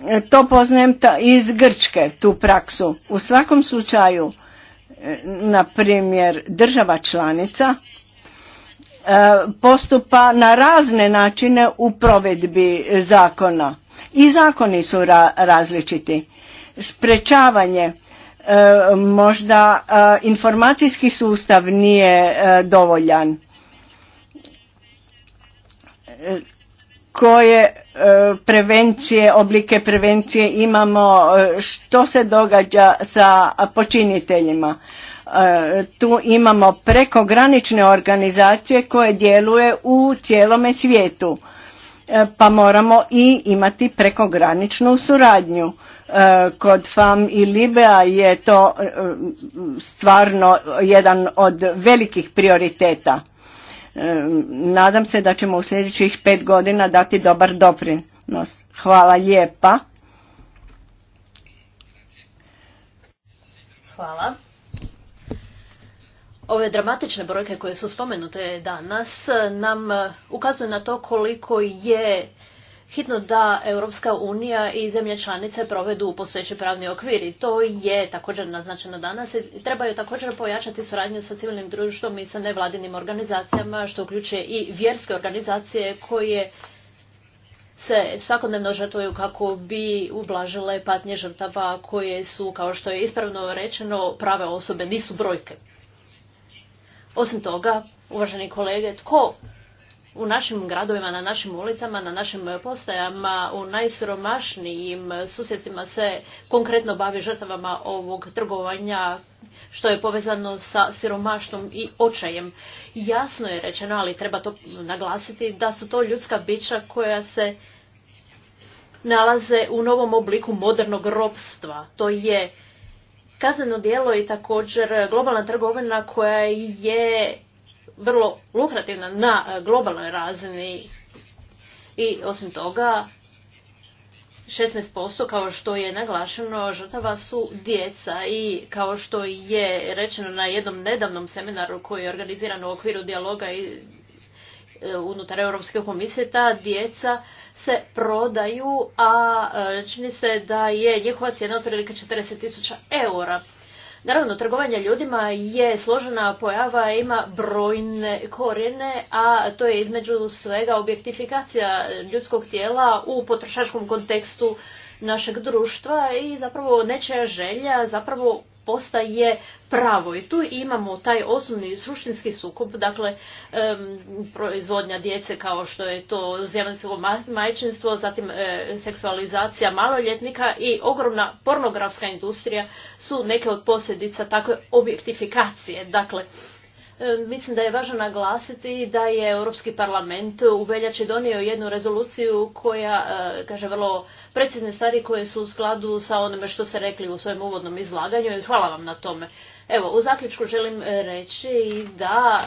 [SPEAKER 2] E, to poznajem iz Grčke, tu praksu. U svakom slučaju, e, na primjer, država članica e, postupa na razne načine u provedbi zakona. I zakoni su različiti. Sprečavanje možda informacijski sustav nije dovoljan koje e, prevencije, oblike prevencije imamo, e, što se događa sa počiniteljima. E, tu imamo prekogranične organizacije koje djeluje u cijelome svijetu, pa moramo i imati prekograničnu suradnju. Kod FAM i Libea je to stvarno jedan od velikih prioriteta Nadam se da ćemo u sljedećih pet godina dati dobar doprinos. Hvala lijepa.
[SPEAKER 1] Hvala. Ove dramatične brojke koje su spomenute danas nam ukazuju na to koliko je hitno da Europska unija i zemlje članice provedu postojeći pravni okvir i to je također naznačeno danas i trebaju također pojačati suradnju sa civilnim društvom i sa nevladinim organizacijama što uključuje i vjerske organizacije koje se svakodnevno žrtvuju kako bi ublažile patnje žrtava koje su, kao što je ispravno rečeno, prave osobe, nisu brojke. Osim toga, uvaženi kolege, tko u našim gradovima, na našim ulicama, na našim postajama, u najsiromašnijim susjedima se konkretno bavi žrtvama ovog trgovanja što je povezano sa siromaštom i očajem. Jasno je rečeno, ali treba to naglasiti, da su to ljudska bića koja se nalaze u novom obliku modernog ropstva. To je kazneno djelo i također globalna trgovina koja je vrlo lukrativna na e, globalnoj razini i osim toga 16% kao što je naglašeno žrtava su djeca i kao što je rečeno na jednom nedavnom seminaru koji je organiziran u okviru dijaloga i e, unutar Europske komisije, ta djeca se prodaju, a e, čini se da je njihova cijena otprilike 40.000 tisuća eura. Naravno, trgovanje ljudima je složena pojava, ima brojne korijene, a to je između svega objektifikacija ljudskog tijela u potrošačkom kontekstu našeg društva i zapravo nečija želja zapravo postaje pravo i tu imamo taj osnovni suštinski sukob, dakle proizvodnja djece kao što je to zemljansko majčinstvo, zatim e, seksualizacija maloljetnika i ogromna pornografska industrija su neke od posljedica takve objektifikacije. Dakle, E, mislim da je važno naglasiti da je Europski parlament u veljači donio jednu rezoluciju koja e, kaže vrlo precizne stvari koje su u skladu sa onime što ste rekli u svojem uvodnom izlaganju i hvala vam na tome. Evo, u zaključku želim e, reći da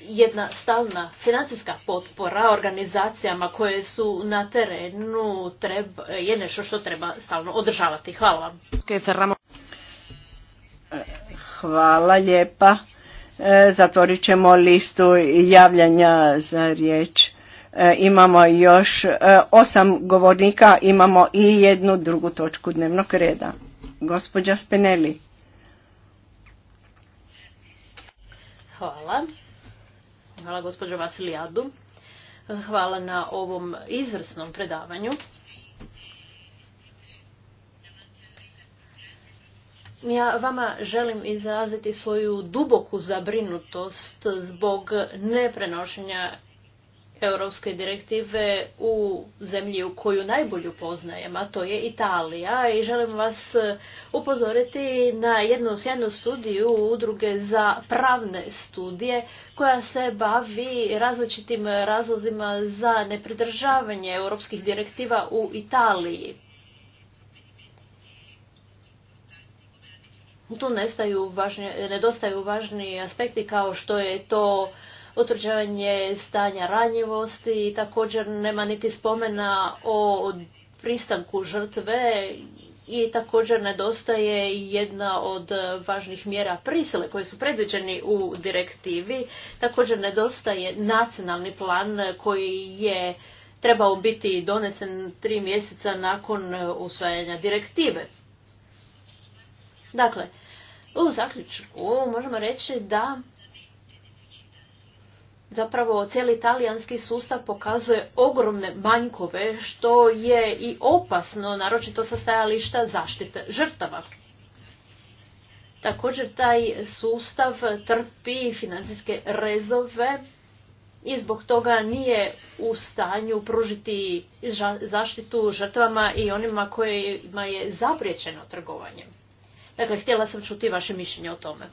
[SPEAKER 1] jedna stalna financijska potpora organizacijama koje su na terenu je nešto što treba stalno održavati. Hvala vam.
[SPEAKER 2] Hvala lijepa. E, zatvorit ćemo listu javljanja za riječ. E, imamo još e, osam govornika, imamo i jednu drugu točku dnevnog reda. Gospođa Speneli.
[SPEAKER 1] Hvala. Hvala gospođo Vasilijadu. Hvala na ovom izvrsnom predavanju. Ja vama želim izraziti svoju duboku zabrinutost zbog neprenošenja europske direktive u zemlji u koju najbolju poznajem, a to je Italija. I želim vas upozoriti na jednu sjednu studiju udruge za pravne studije koja se bavi različitim razlozima za nepridržavanje europskih direktiva u Italiji. tu nestaju važni, nedostaju važni aspekti kao što je to utvrđivanje stanja ranjivosti i također nema niti spomena o pristanku žrtve i također nedostaje jedna od važnih mjera prisile koji su predviđeni u direktivi. Također nedostaje nacionalni plan koji je trebao biti donesen tri mjeseca nakon usvajanja direktive. Dakle, u zaključku možemo reći da zapravo cijeli talijanski sustav pokazuje ogromne manjkove što je i opasno, naročito sa stajališta zaštite žrtava. Također taj sustav trpi financijske rezove i zbog toga nije u stanju pružiti zaštitu žrtvama i onima kojima je zapriječeno trgovanje. Dakle, htjela sam čuti vaše mišljenje o tome.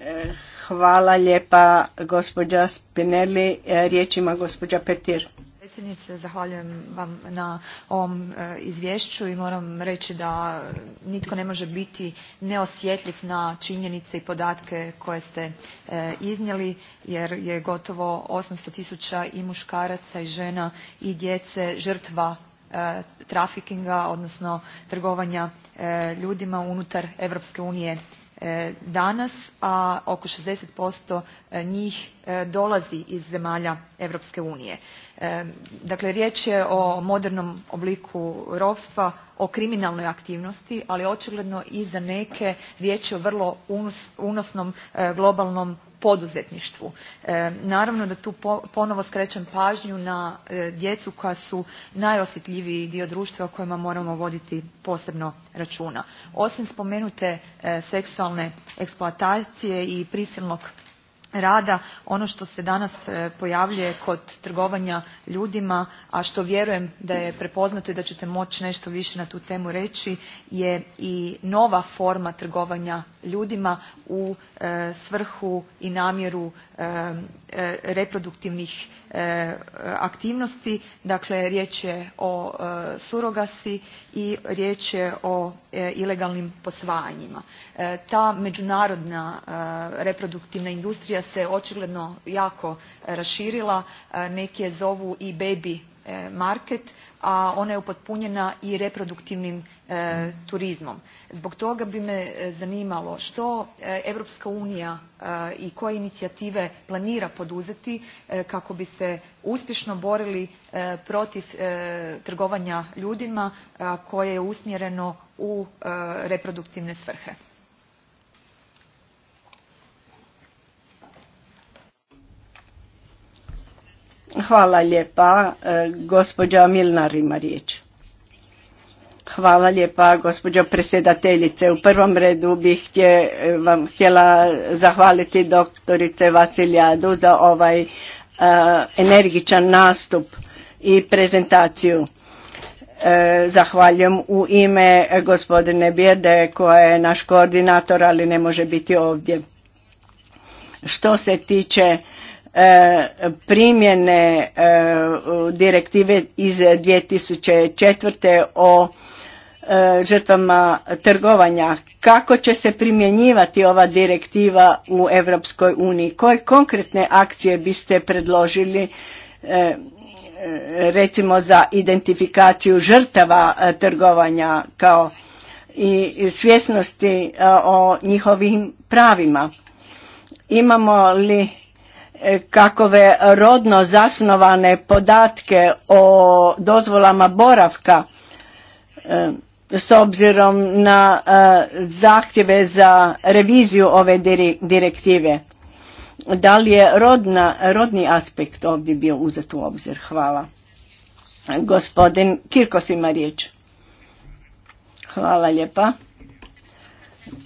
[SPEAKER 2] E, hvala lijepa gospođa Spinelli. E, riječ ima gospođa Petir. Predsjednice,
[SPEAKER 3] zahvaljujem vam na ovom e, izvješću i moram reći da nitko ne može biti neosjetljiv na činjenice i podatke koje ste iznijeli jer je gotovo 800 tisuća i muškaraca i žena i djece žrtva E, trafikinga odnosno trgovanja e, ljudima unutar Europske unije e, danas, a oko 60% njih dolazi iz zemalja Europske unije. Dakle, riječ je o modernom obliku ropstva, o kriminalnoj aktivnosti, ali očigledno i za neke riječ je o vrlo unosnom e, globalnom poduzetništvu. Naravno da tu ponovo skrećem pažnju na e, djecu koja su najosjetljiviji dio društva o kojima moramo voditi posebno računa. Osim spomenute e, seksualne eksploatacije i prisilnog rada ono što se danas e, pojavljuje kod trgovanja ljudima a što vjerujem da je prepoznato i da ćete moći nešto više na tu temu reći je i nova forma trgovanja ljudima u e, svrhu i namjeru e, reproduktivnih aktivnosti dakle riječ je o surogasi i riječ je o ilegalnim posvajanjima. ta međunarodna reproduktivna industrija se očigledno jako e, raširila, e, neki je zovu i baby e, market, a ona je upotpunjena i reproduktivnim turizmom. Zbog toga bi me zanimalo što Europska unija i koje inicijative planira poduzeti kako bi se uspješno borili protiv trgovanja ljudima koje je usmjereno u reproduktivne svrhe.
[SPEAKER 2] Hvala lijepa, e, gospođa Milnar ima Hvala lijepa, gospođo predsjedateljice. U prvom redu bih htje, e, vam htjela zahvaliti doktorice Vasilijadu za ovaj e, energičan nastup i prezentaciju. zahvaljujem u ime gospodine Bjerde koja je naš koordinator ali ne može biti ovdje. Što se tiče E, primjene e, direktive iz 2004. o e, žrtvama trgovanja. Kako će se primjenjivati ova direktiva u Europskoj uniji? Koje konkretne akcije biste predložili recimo za identifikaciju žrtava trgovanja kao i svjesnosti o njihovim pravima? Imamo li kakove rodno zasnovane podatke o dozvolama boravka e, s obzirom na e, zahtjeve za reviziju ove direktive. Da li je rodna, rodni aspekt ovdje bio uzet u obzir? Hvala. Gospodin Kirkos ima riječ. Hvala lijepa.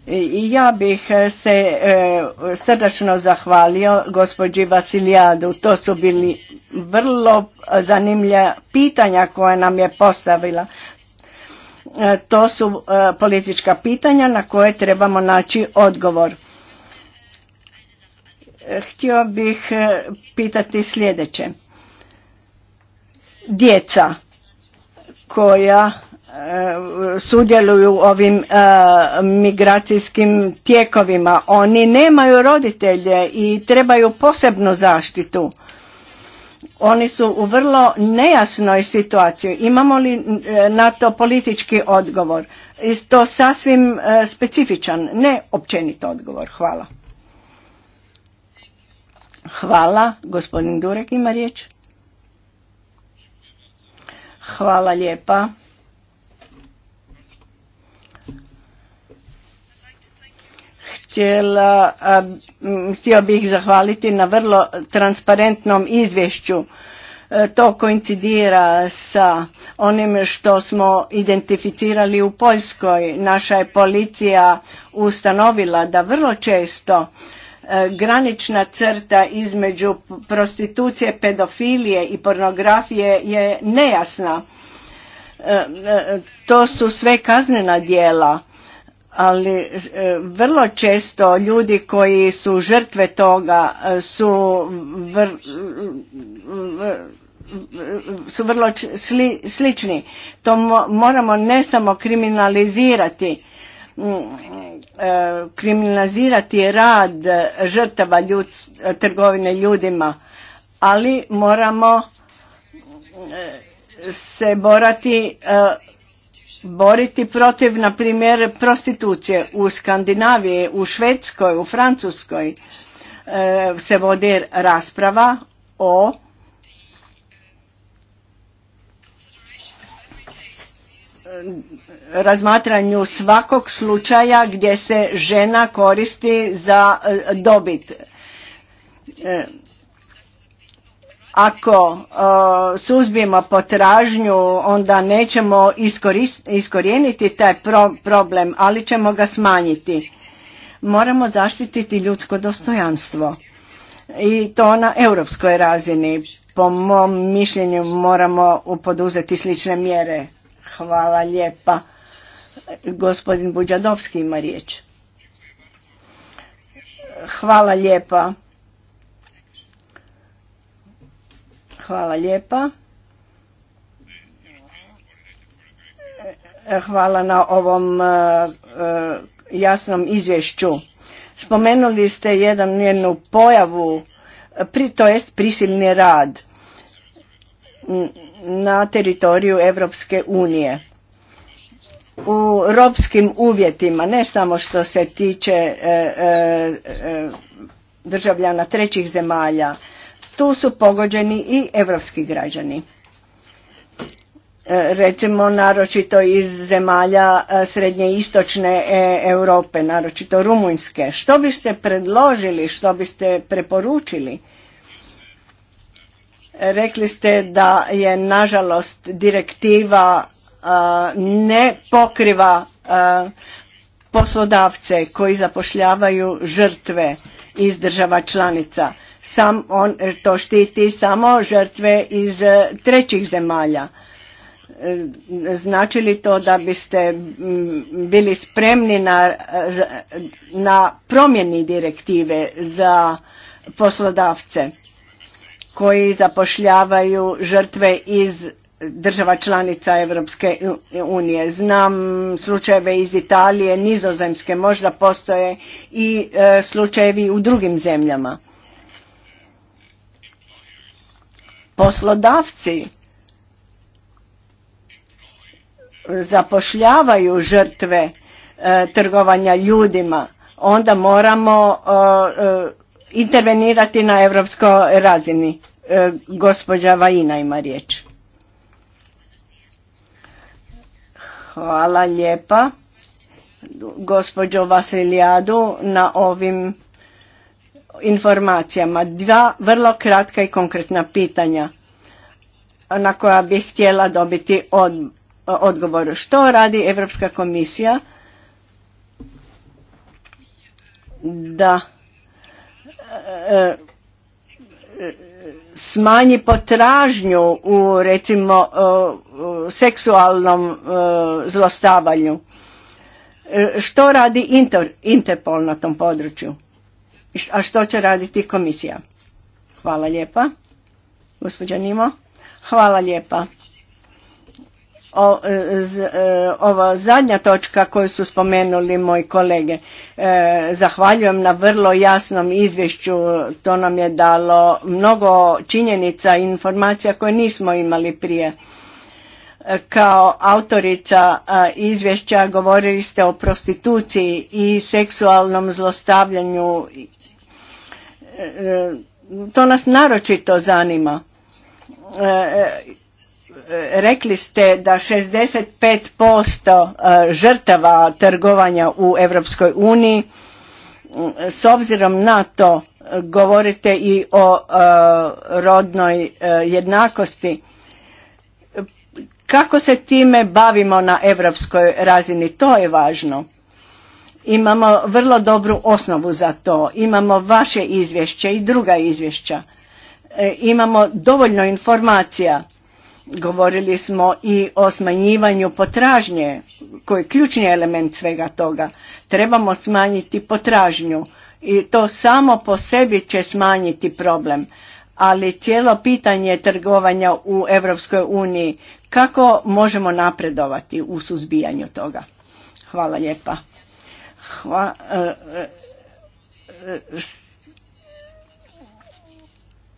[SPEAKER 2] I Ja bih e, se e, srdačno zahvalio gospođi Vasilijadu. To su bili vrlo zanimlja pitanja koja nam je postavila. E, to su politička pitanja na koje trebamo naći odgovor. Htio bih pitati sljedeće. Djeca koja sudjeluju u ovim e, migracijskim tijekovima. Oni nemaju roditelje i trebaju posebnu zaštitu. Oni su u vrlo nejasnoj situaciji. Imamo li e, na to politički odgovor? Isto sasvim e, specifičan, ne općenit odgovor. Hvala. Hvala. Gospodin Durek ima riječ. Hvala lijepa. Htjela, htio bih zahvaliti na vrlo transparentnom izvješću. E, to koincidira sa onim što smo identificirali u Poljskoj. Naša je policija ustanovila da vrlo često e, granična crta između prostitucije, pedofilije i pornografije je nejasna. E, to su sve kaznena dijela ali e, vrlo često ljudi koji su žrtve toga e, su, e, su vrlo slični. To moramo ne samo kriminalizirati, kriminalizirati rad žrtava ljud, trgovine ljudima, ali moramo se borati boriti protiv, na primjer, prostitucije. U Skandinaviji, u Švedskoj, u Francuskoj e, se vodi rasprava o razmatranju svakog slučaja gdje se žena koristi za e, dobit. E, ako e, suzbijemo potražnju, onda nećemo iskorijeniti taj problem, ali ćemo ga smanjiti. Moramo zaštititi ljudsko dostojanstvo i to na europskoj razini. Po mom mišljenju moramo upoduzeti slične mjere. Hvala lijepa. Gospodin Buđadovski ima riječ. Hvala lijepa. Hvala lijepa. E, hvala na ovom e, e, jasnom izvješću. Spomenuli ste jedan, jednu pojavu, pri, to jest prisilni rad na teritoriju Europske unije u ropskim uvjetima, ne samo što se tiče državljana trećih zemalja, tu su pogođeni i evropski građani e, recimo naročito iz zemalja e, srednje istočne e, Europe, naročito Rumunjske. Što biste predložili, što biste preporučili? Rekli ste da je nažalost direktiva ne pokriva poslodavce koji zapošljavaju žrtve iz država članica sam on to štiti samo žrtve iz e, trećih zemalja. E, znači li to da biste bili spremni na, e, na promjeni direktive za poslodavce koji zapošljavaju žrtve iz država članica Europske unije. Znam slučajeve iz Italije, nizozemske, možda postoje i slučajevi u drugim zemljama. Poslodavci zapošljavaju žrtve e, trgovanja ljudima, onda moramo e, e, intervenirati na europskoj razini. gospođa Vajina ima riječ. Hvala lijepa gospođo Vasilijadu na ovim informacijama. Dva vrlo kratka i konkretna pitanja na koja bih htjela dobiti od, odgovor. Što radi Europska komisija da e, e, smanji potražnju u recimo e, seksualnom zlostavanju. Što radi Interpol na tom području? a što će raditi komisija. Hvala lijepa. Gospođa Nimo. Hvala lijepa. O, e, z, e, ova zadnja točka koju su spomenuli moji kolege. E, zahvaljujem na vrlo jasnom izvješću. To nam je dalo mnogo činjenica i informacija koje nismo imali prije. kao autorica izvješća govorili ste o prostituciji i seksualnom zlostavljanju E, e, to nas naročito zanima. E, rekli ste da 65% žrtava trgovanja u Europskoj uniji s obzirom na to govorite i o rodnoj jednakosti kako se time bavimo na europskoj razini to je važno Imamo vrlo dobru osnovu za to. Imamo vaše izvješće i druga izvješća. E, imamo dovoljno informacija. Govorili smo i o smanjivanju potražnje, koji je ključni element svega toga. Trebamo smanjiti potražnju i to samo po sebi će smanjiti problem. Ali cijelo pitanje trgovanja u Europskoj uniji, kako možemo napredovati u suzbijanju toga? Hvala lijepa. E, e,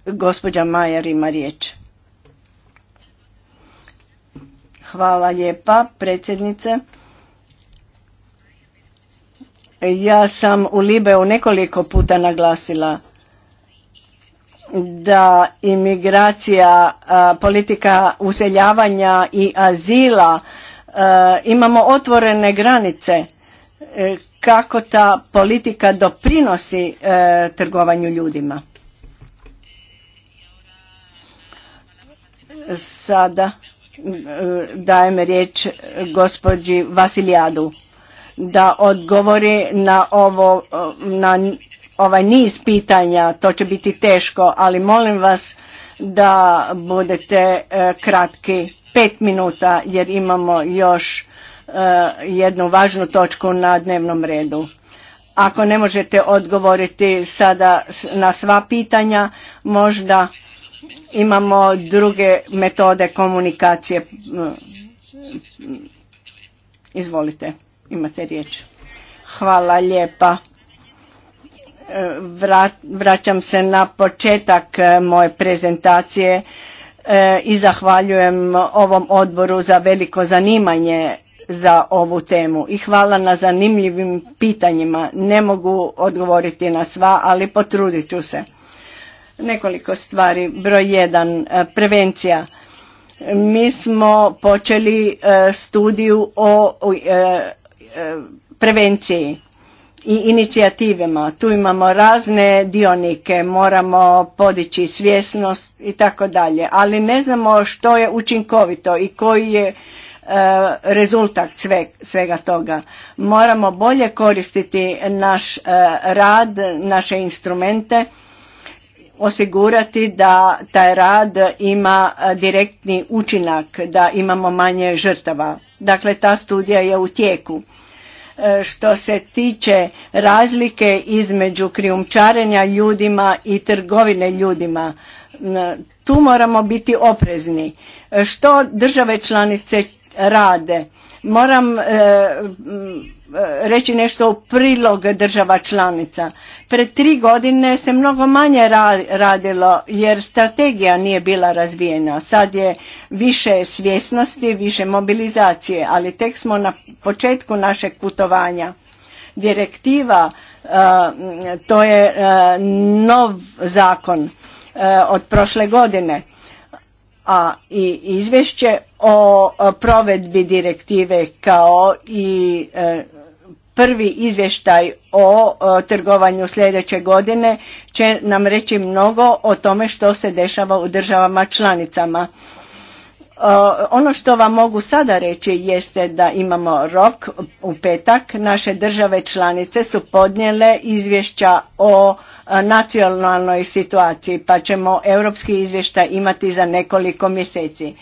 [SPEAKER 2] e, gospođa Majer ima riječ. Hvala lijepa, predsjednice. Ja sam u Libeu nekoliko puta naglasila da imigracija, politika useljavanja i azila imamo otvorene granice E, kako ta politika doprinosi e, trgovanju ljudima. Sada e, dajem riječ gospođi Vasilijadu da odgovori na ovo na ovaj niz pitanja to će biti teško ali molim vas da budete kratki pet minuta jer imamo još Eh, jednu važnu točku na dnevnom redu. Ako ne možete odgovoriti sada na sva pitanja, možda imamo druge metode komunikacije. Mm, izvolite, imate riječ. Hvala lijepa. Eh, vraćam se na početak eh, moje prezentacije i zahvaljujem ovom odboru za veliko zanimanje za ovu temu i hvala na zanimljivim pitanjima. Ne mogu odgovoriti na sva, ali potrudit ću se. Nekoliko stvari. Broj jedan, e, prevencija. Mi smo počeli e, studiju o e, prevenciji i inicijativama. Tu imamo razne dionike, moramo podići svjesnost i tako dalje, ali ne znamo što je učinkovito i koji je E, rezultat svega toga. Moramo bolje koristiti naš e, rad, naše instrumente, osigurati da taj rad ima e, direktni učinak, da imamo manje žrtava. Dakle, ta studija je u tijeku. Što se tiče razlike između krijumčarenja ljudima i trgovine ljudima, tu moramo biti oprezni. Što države članice rade. Moram e, reći nešto u prilog država članica. Pred tri godine se mnogo manje radilo jer strategija nije bila razvijena. Sad je više svjesnosti, više mobilizacije, ali tek smo na početku našeg putovanja. Direktiva, e, to je e, nov zakon od prošle godine a i izvješće o provedbi direktive kao i e, prvi izvještaj o trgovanju sljedeće godine će nam reći mnogo o tome što se dešava u državama članicama ono što vam mogu sada reći jeste da imamo rok u petak. Naše države članice su podnijele izvješća o e, nacionalnoj situaciji pa ćemo europski izvještaj imati za nekoliko mjeseci.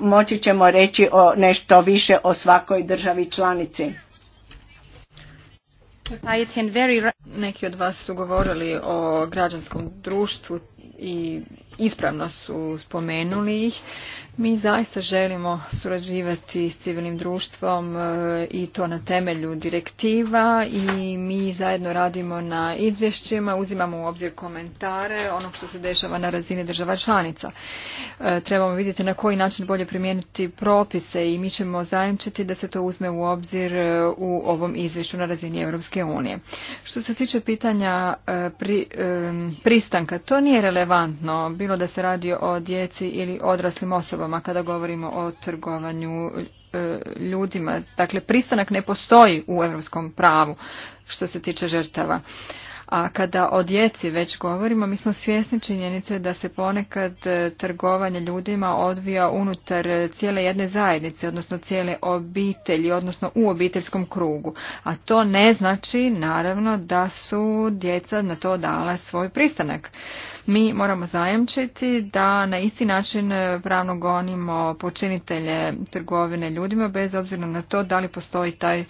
[SPEAKER 2] moći ćemo reći o nešto više o svakoj državi članici.
[SPEAKER 4] Neki od vas su govorili o građanskom društvu i ispravno su spomenuli ih. Mi zaista želimo surađivati s civilnim društvom e, i to na temelju direktiva i mi zajedno radimo na izvješćima, uzimamo u obzir komentare onog što se dešava na razini država članica. E, trebamo vidjeti na koji način bolje primijeniti propise i mi ćemo zajemčiti da se to uzme u obzir e, u ovom izvješću na razini Europske unije. Što se tiče pitanja pri, pristanka, to nije relevantno, bilo da se radi o djeci ili odraslim osobama osobama kada govorimo o trgovanju e, ljudima. Dakle, pristanak ne postoji u europskom pravu što se tiče žrtava. A kada o djeci već govorimo, mi smo svjesni činjenice da se ponekad e, trgovanje ljudima odvija unutar cijele jedne zajednice, odnosno cijele obitelji, odnosno u obiteljskom krugu. A to ne znači, naravno, da su djeca na to dala svoj pristanak. Mi moramo zajamčiti da na isti način e, pravno gonimo počinitelje trgovine ljudima bez obzira na to da li postoji taj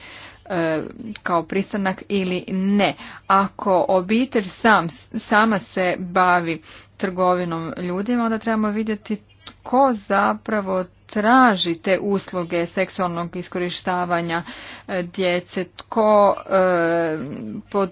[SPEAKER 4] e, kao pristanak ili ne. Ako obitelj sam, sama se bavi trgovinom ljudima, onda trebamo vidjeti tko zapravo traži te usluge seksualnog iskorištavanja e, djece, tko pod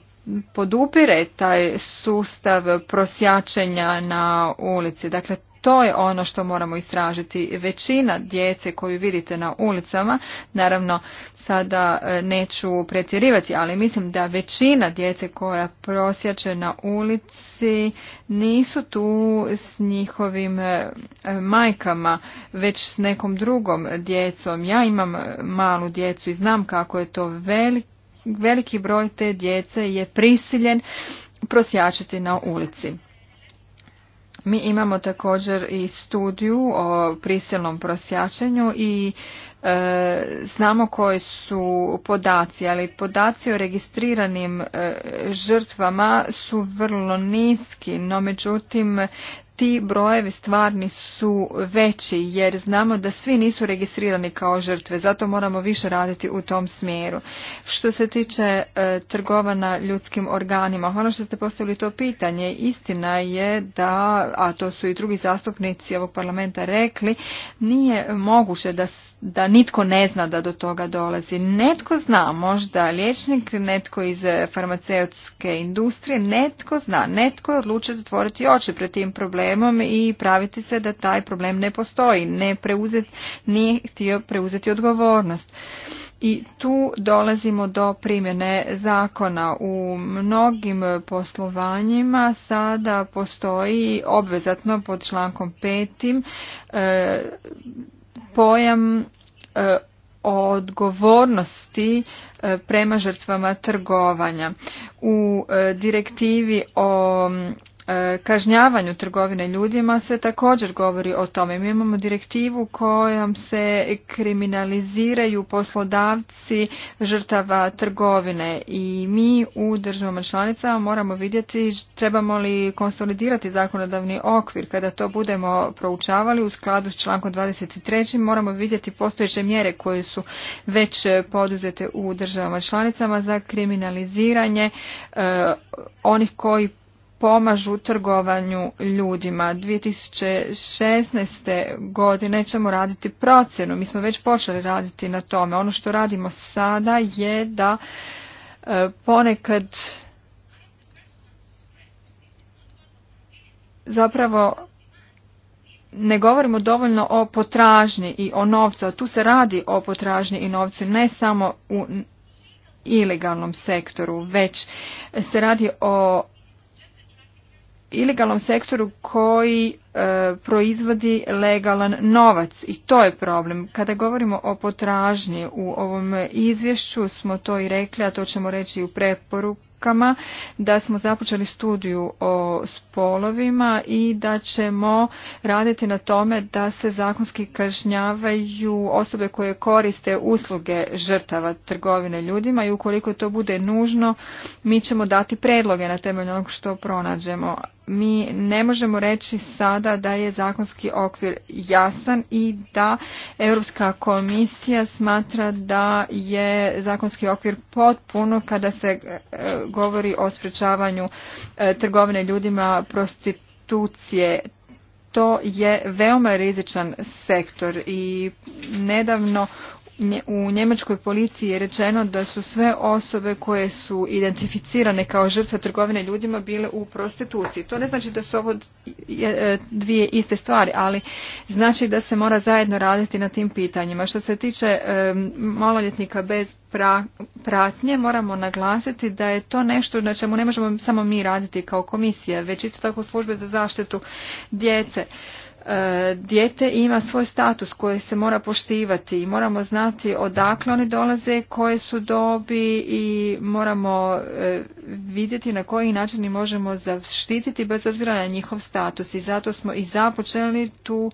[SPEAKER 4] podupire taj sustav prosjačenja na ulici. Dakle, to je ono što moramo istražiti. Većina djece koju vidite na ulicama, naravno sada e, neću pretjerivati, ali mislim da većina djece koja prosjače na ulici nisu tu s njihovim e, majkama, već s nekom drugom djecom. Ja imam malu djecu i znam kako je to velik veliki broj te djece je prisiljen prosjačiti na ulici. Mi imamo također i studiju o prisilnom prosjačenju i e, znamo koji su podaci, ali podaci o registriranim e, žrtvama su vrlo niski, no međutim ti brojevi stvarni su veći jer znamo da svi nisu registrirani kao žrtve, zato moramo više raditi u tom smjeru. Što se tiče e, trgovana ljudskim organima, ono što ste postavili to pitanje, istina je da, a to su i drugi zastupnici ovog parlamenta rekli, nije moguće da da nitko ne zna da do toga dolazi. Netko zna, možda liječnik, netko iz eh, farmaceutske industrije, netko zna, netko je odlučio zatvoriti oči pred tim problemom i praviti se da taj problem ne postoji, ne preuzet, nije htio preuzeti odgovornost. I tu dolazimo do primjene zakona. U mnogim poslovanjima sada postoji obvezatno pod člankom petim eh, pojam e, odgovornosti e, prema žrtvama trgovanja. U e, direktivi o E, kažnjavanju trgovine ljudima se također govori o tome. Mi imamo direktivu kojom se kriminaliziraju poslodavci žrtava trgovine i mi u državama članicama moramo vidjeti trebamo li konsolidirati zakonodavni okvir. Kada to budemo proučavali u skladu s člankom 23. moramo vidjeti postojeće mjere koje su već poduzete u državama članicama za kriminaliziranje e, onih koji pomažu trgovanju ljudima. 2016. godine ćemo raditi procjenu. Mi smo već počeli raditi na tome. Ono što radimo sada je da e, ponekad zapravo ne govorimo dovoljno o potražnji i o novcu. Tu se radi o potražnji i novcu ne samo u ilegalnom sektoru, već se radi o ilegalnom sektoru koji e, proizvodi legalan novac i to je problem. Kada govorimo o potražnji u ovom izvješću smo to i rekli, a to ćemo reći i u preporukama, da smo započeli studiju o spolovima i da ćemo raditi na tome da se zakonski kažnjavaju osobe koje koriste usluge žrtava trgovine ljudima i ukoliko to bude nužno mi ćemo dati predloge na temelju onog što pronađemo mi ne možemo reći sada da je zakonski okvir jasan i da Europska komisija smatra da je zakonski okvir potpuno kada se e, govori o sprečavanju e, trgovine ljudima prostitucije to je veoma rizičan sektor i nedavno u njemačkoj policiji je rečeno da su sve osobe koje su identificirane kao žrtve trgovine ljudima bile u prostituciji. To ne znači da su ovo e, dvije iste stvari, ali znači da se mora zajedno raditi na tim pitanjima. Što se tiče e, maloljetnika bez pratnje, moramo naglasiti da je to nešto na čemu ne možemo samo mi raditi kao komisija, već isto tako službe za zaštitu djece. E, dijete ima svoj status koji se mora poštivati i moramo znati odakle oni dolaze, koje su dobi i moramo e, vidjeti na koji način možemo zaštititi bez obzira na njihov status i zato smo i započeli tu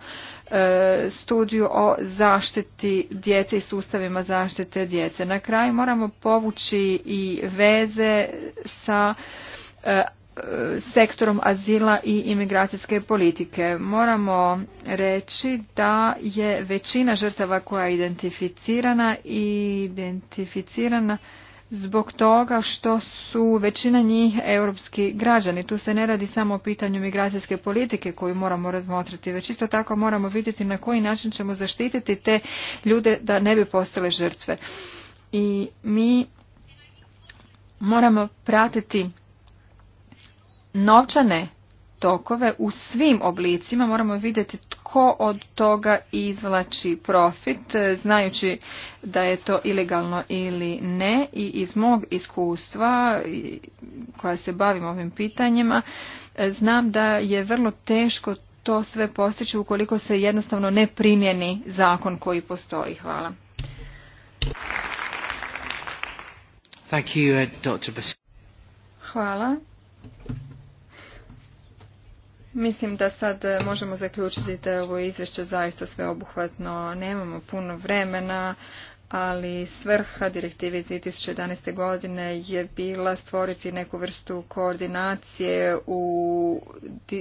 [SPEAKER 4] e, studiju o zaštiti djece i sustavima zaštite djece. Na kraju moramo povući i veze sa sektorom azila i imigracijske politike. Moramo reći da je većina žrtava koja je identificirana i identificirana zbog toga što su većina njih europski građani. Tu se ne radi samo o pitanju migracijske politike koju moramo razmotriti, već isto tako moramo vidjeti na koji način ćemo zaštititi te ljude da ne bi postale žrtve. I mi moramo pratiti novčane tokove u svim oblicima moramo vidjeti tko od toga izlači profit e, znajući da je to ilegalno ili ne i iz mog iskustva koja se bavim ovim pitanjima e, znam da je vrlo teško to sve postići ukoliko se jednostavno ne primjeni zakon koji postoji. Hvala.
[SPEAKER 2] Thank you, uh, Dr.
[SPEAKER 4] Hvala. Mislim da sad e, možemo zaključiti da je ovo izvješće zaista sveobuhvatno. Nemamo puno vremena, ali svrha direktive iz 2011. godine je bila stvoriti neku vrstu koordinacije u,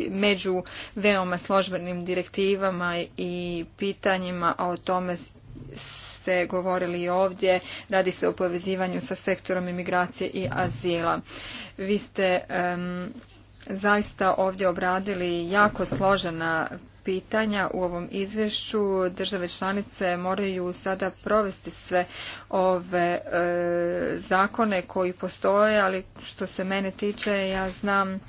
[SPEAKER 4] među veoma složbenim direktivama i pitanjima, a o tome ste govorili i ovdje. Radi se o povezivanju sa sektorom imigracije i azila. Vi ste zaista ovdje obradili jako složena pitanja u ovom izvješću. Države članice moraju sada provesti sve ove e, zakone koji postoje, ali što se mene tiče ja znam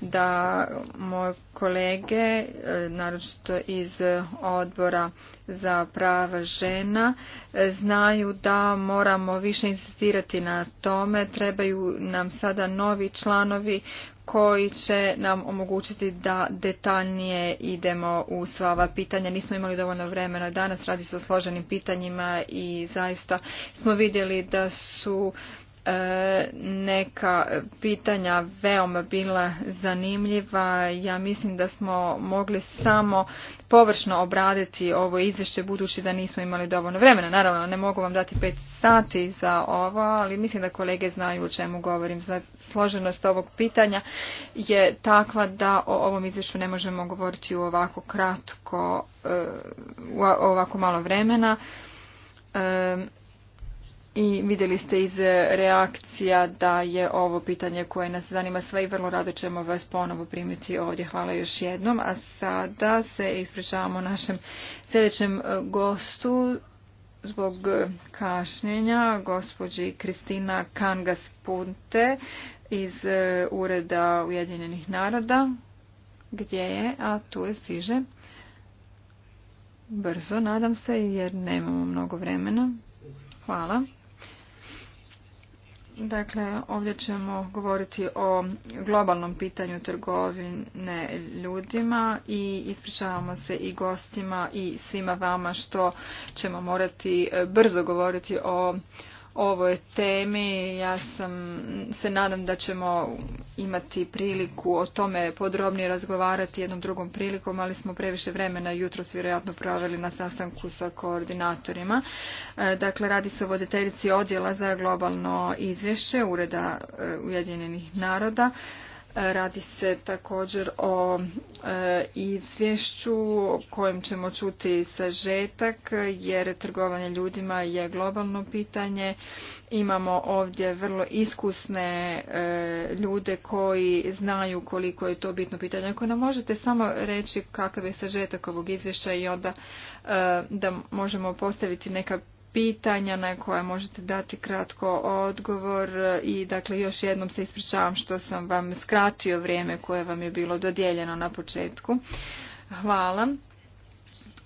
[SPEAKER 4] da moje kolege, e, naročito iz odbora za prava žena, e, znaju da moramo više insistirati na tome. Trebaju nam sada novi članovi koji će nam omogućiti da detaljnije idemo u sva ova pitanja. Nismo imali dovoljno vremena danas, radi se o složenim pitanjima i zaista smo vidjeli da su E, neka pitanja veoma bila zanimljiva. Ja mislim da smo mogli samo površno obraditi ovo izvješće budući da nismo imali dovoljno vremena. Naravno, ne mogu vam dati pet sati za ovo, ali mislim da kolege znaju o čemu govorim. Složenost ovog pitanja je takva da o ovom izvješću ne možemo govoriti u ovako kratko, e, u ovako malo vremena. E, i vidjeli ste iz reakcija da je ovo pitanje koje nas zanima sve i vrlo rado ćemo vas ponovo primiti ovdje. Hvala još jednom. A sada se ispričavamo našem sljedećem e, gostu zbog kašnjenja, gospođi Kristina Kangas Punte iz e, Ureda Ujedinjenih naroda. Gdje je? A tu je stiže. Brzo, nadam se, jer nemamo mnogo vremena. Hvala. Dakle, ovdje ćemo govoriti o globalnom pitanju trgovine ljudima i ispričavamo se i gostima i svima vama što ćemo morati e, brzo govoriti o ovoj temi. Ja sam, se nadam da ćemo imati priliku o tome podrobnije razgovarati jednom drugom prilikom, ali smo previše vremena jutros vjerojatno proveli na sastanku sa koordinatorima. E, dakle, radi se o voditeljici odjela za globalno izvješće Ureda e, Ujedinjenih naroda Radi se također o e, izvješću kojim ćemo čuti sažetak jer trgovanje ljudima je globalno pitanje. Imamo ovdje vrlo iskusne e, ljude koji znaju koliko je to bitno pitanje. Ako nam možete samo reći kakav je sažetak ovog izvješća i onda e, da možemo postaviti neka pitanja na koje možete dati kratko odgovor i dakle još jednom se ispričavam što sam vam skratio vrijeme koje vam je bilo dodijeljeno na početku. Hvala.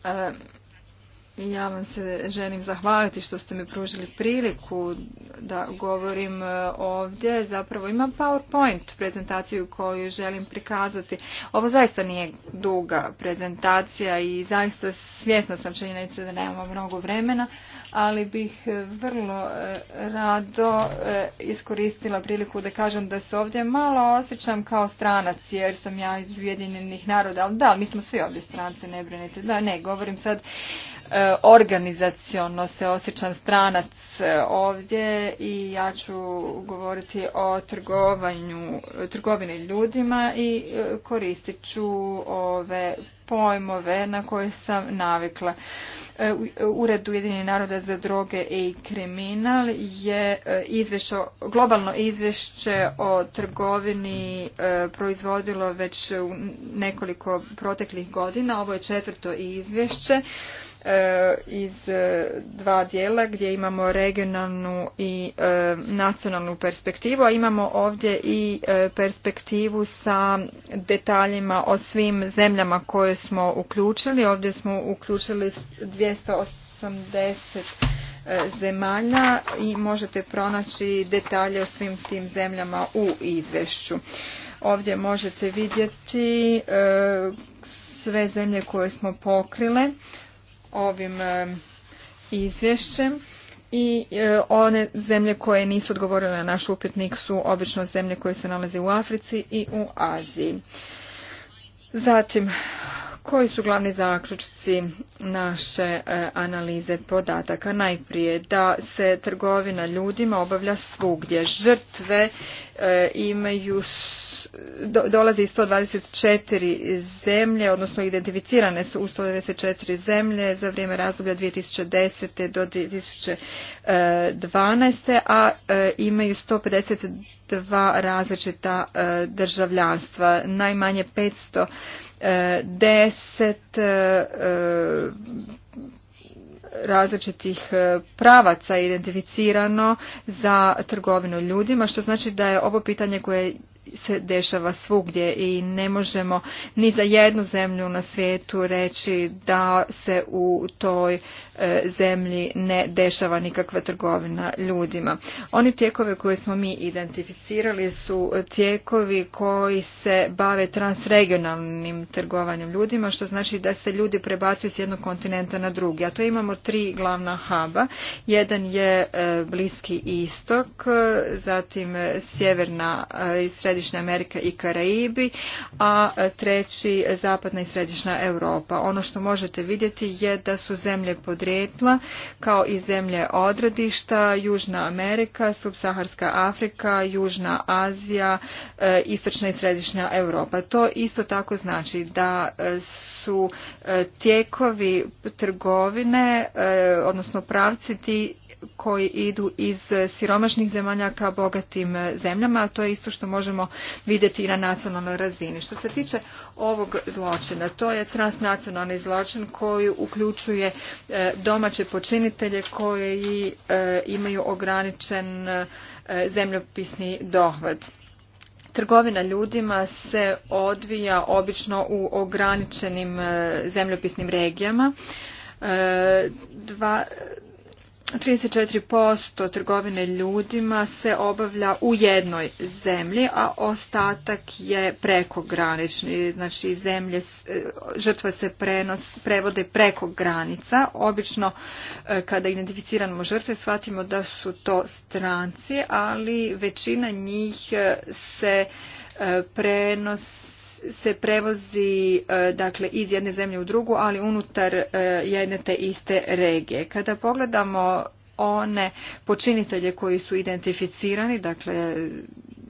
[SPEAKER 4] E, ja vam se želim zahvaliti što ste mi pružili priliku da govorim e, ovdje. Zapravo imam PowerPoint prezentaciju koju želim prikazati. Ovo zaista nije duga prezentacija i zaista svjesna sam činjenica da nemamo mnogo vremena ali bih e, vrlo e, rado e, iskoristila priliku da kažem da se ovdje malo osjećam kao stranac jer sam ja iz Ujedinjenih naroda, ali da, mi smo svi ovdje stranci, ne brinite. Da, ne, govorim sad E, organizaciono se osjećam stranac e, ovdje i ja ću govoriti o trgovanju, trgovini ljudima i e, koristit ću ove pojmove na koje sam navikla. Ured ujedinje naroda za droge i kriminal je globalno izvješće o trgovini proizvodilo već nekoliko proteklih godina. Ovo je četvrto izvješće. E, iz e, dva dijela gdje imamo regionalnu i e, nacionalnu perspektivu, a imamo ovdje i perspektivu sa detaljima o svim zemljama koje smo uključili. Ovdje smo uključili 280 zemalja i možete pronaći detalje o svim tim zemljama u izvješću. Ovdje možete vidjeti sve zemlje koje smo pokrile ovim e, izvješćem i e, one zemlje koje nisu odgovorile na naš upitnik su obično zemlje koje se nalaze u Africi i u Aziji. Zatim, koji su glavni zaključci naše e, analize podataka? Najprije da se trgovina ljudima obavlja svugdje. Žrtve imaju dolazi iz 124 zemlje, odnosno identificirane su u 124 zemlje za vrijeme razdoblja 2010. do 2012. a e, imaju 152 različita e, državljanstva. Najmanje 510 e, različitih pravaca identificirano za trgovinu ljudima, što znači da je ovo pitanje koje se dešava svugdje i ne možemo ni za jednu zemlju na svijetu reći da se u toj e, zemlji ne dešava nikakva trgovina ljudima. Oni tijekovi koje smo mi identificirali su tijekovi koji se bave transregionalnim trgovanjem ljudima, što znači da se ljudi prebacuju s jednog kontinenta na drugi. A tu imamo tri glavna haba. Jedan je e, Bliski istok, e, zatim Sjeverna i Srednja Središnja Amerika i Karaibi, a treći Zapadna i Središnja Europa. Ono što možete vidjeti je da su zemlje podrijetla kao i zemlje odredišta, Južna Amerika, Subsaharska Afrika, Južna Azija, e, Istočna i Središnja Europa. To isto tako znači da e, su e, tijekovi trgovine, odnosno pravci ti koji idu iz siromašnih zemalja ka bogatim zemljama, a to je isto što možemo vidjeti i na nacionalnoj razini. Što se tiče ovog zločina, to je transnacionalni zločin koji uključuje e, domaće počinitelje koji e, imaju ograničen e, zemljopisni dohvat. Trgovina ljudima se odvija obično u ograničenim zemljopisnim regijama. Dva, 34% trgovine ljudima se obavlja u jednoj zemlji, a ostatak je prekogranični. Znači zemlje, e, žrtve se prenos, prevode preko granica. Obično e, kada identificiramo žrtve shvatimo da su to stranci, ali većina njih e, se prenos se prevozi e, dakle iz jedne zemlje u drugu, ali unutar e, jedne te iste regije. Kada pogledamo one počinitelje koji su identificirani, dakle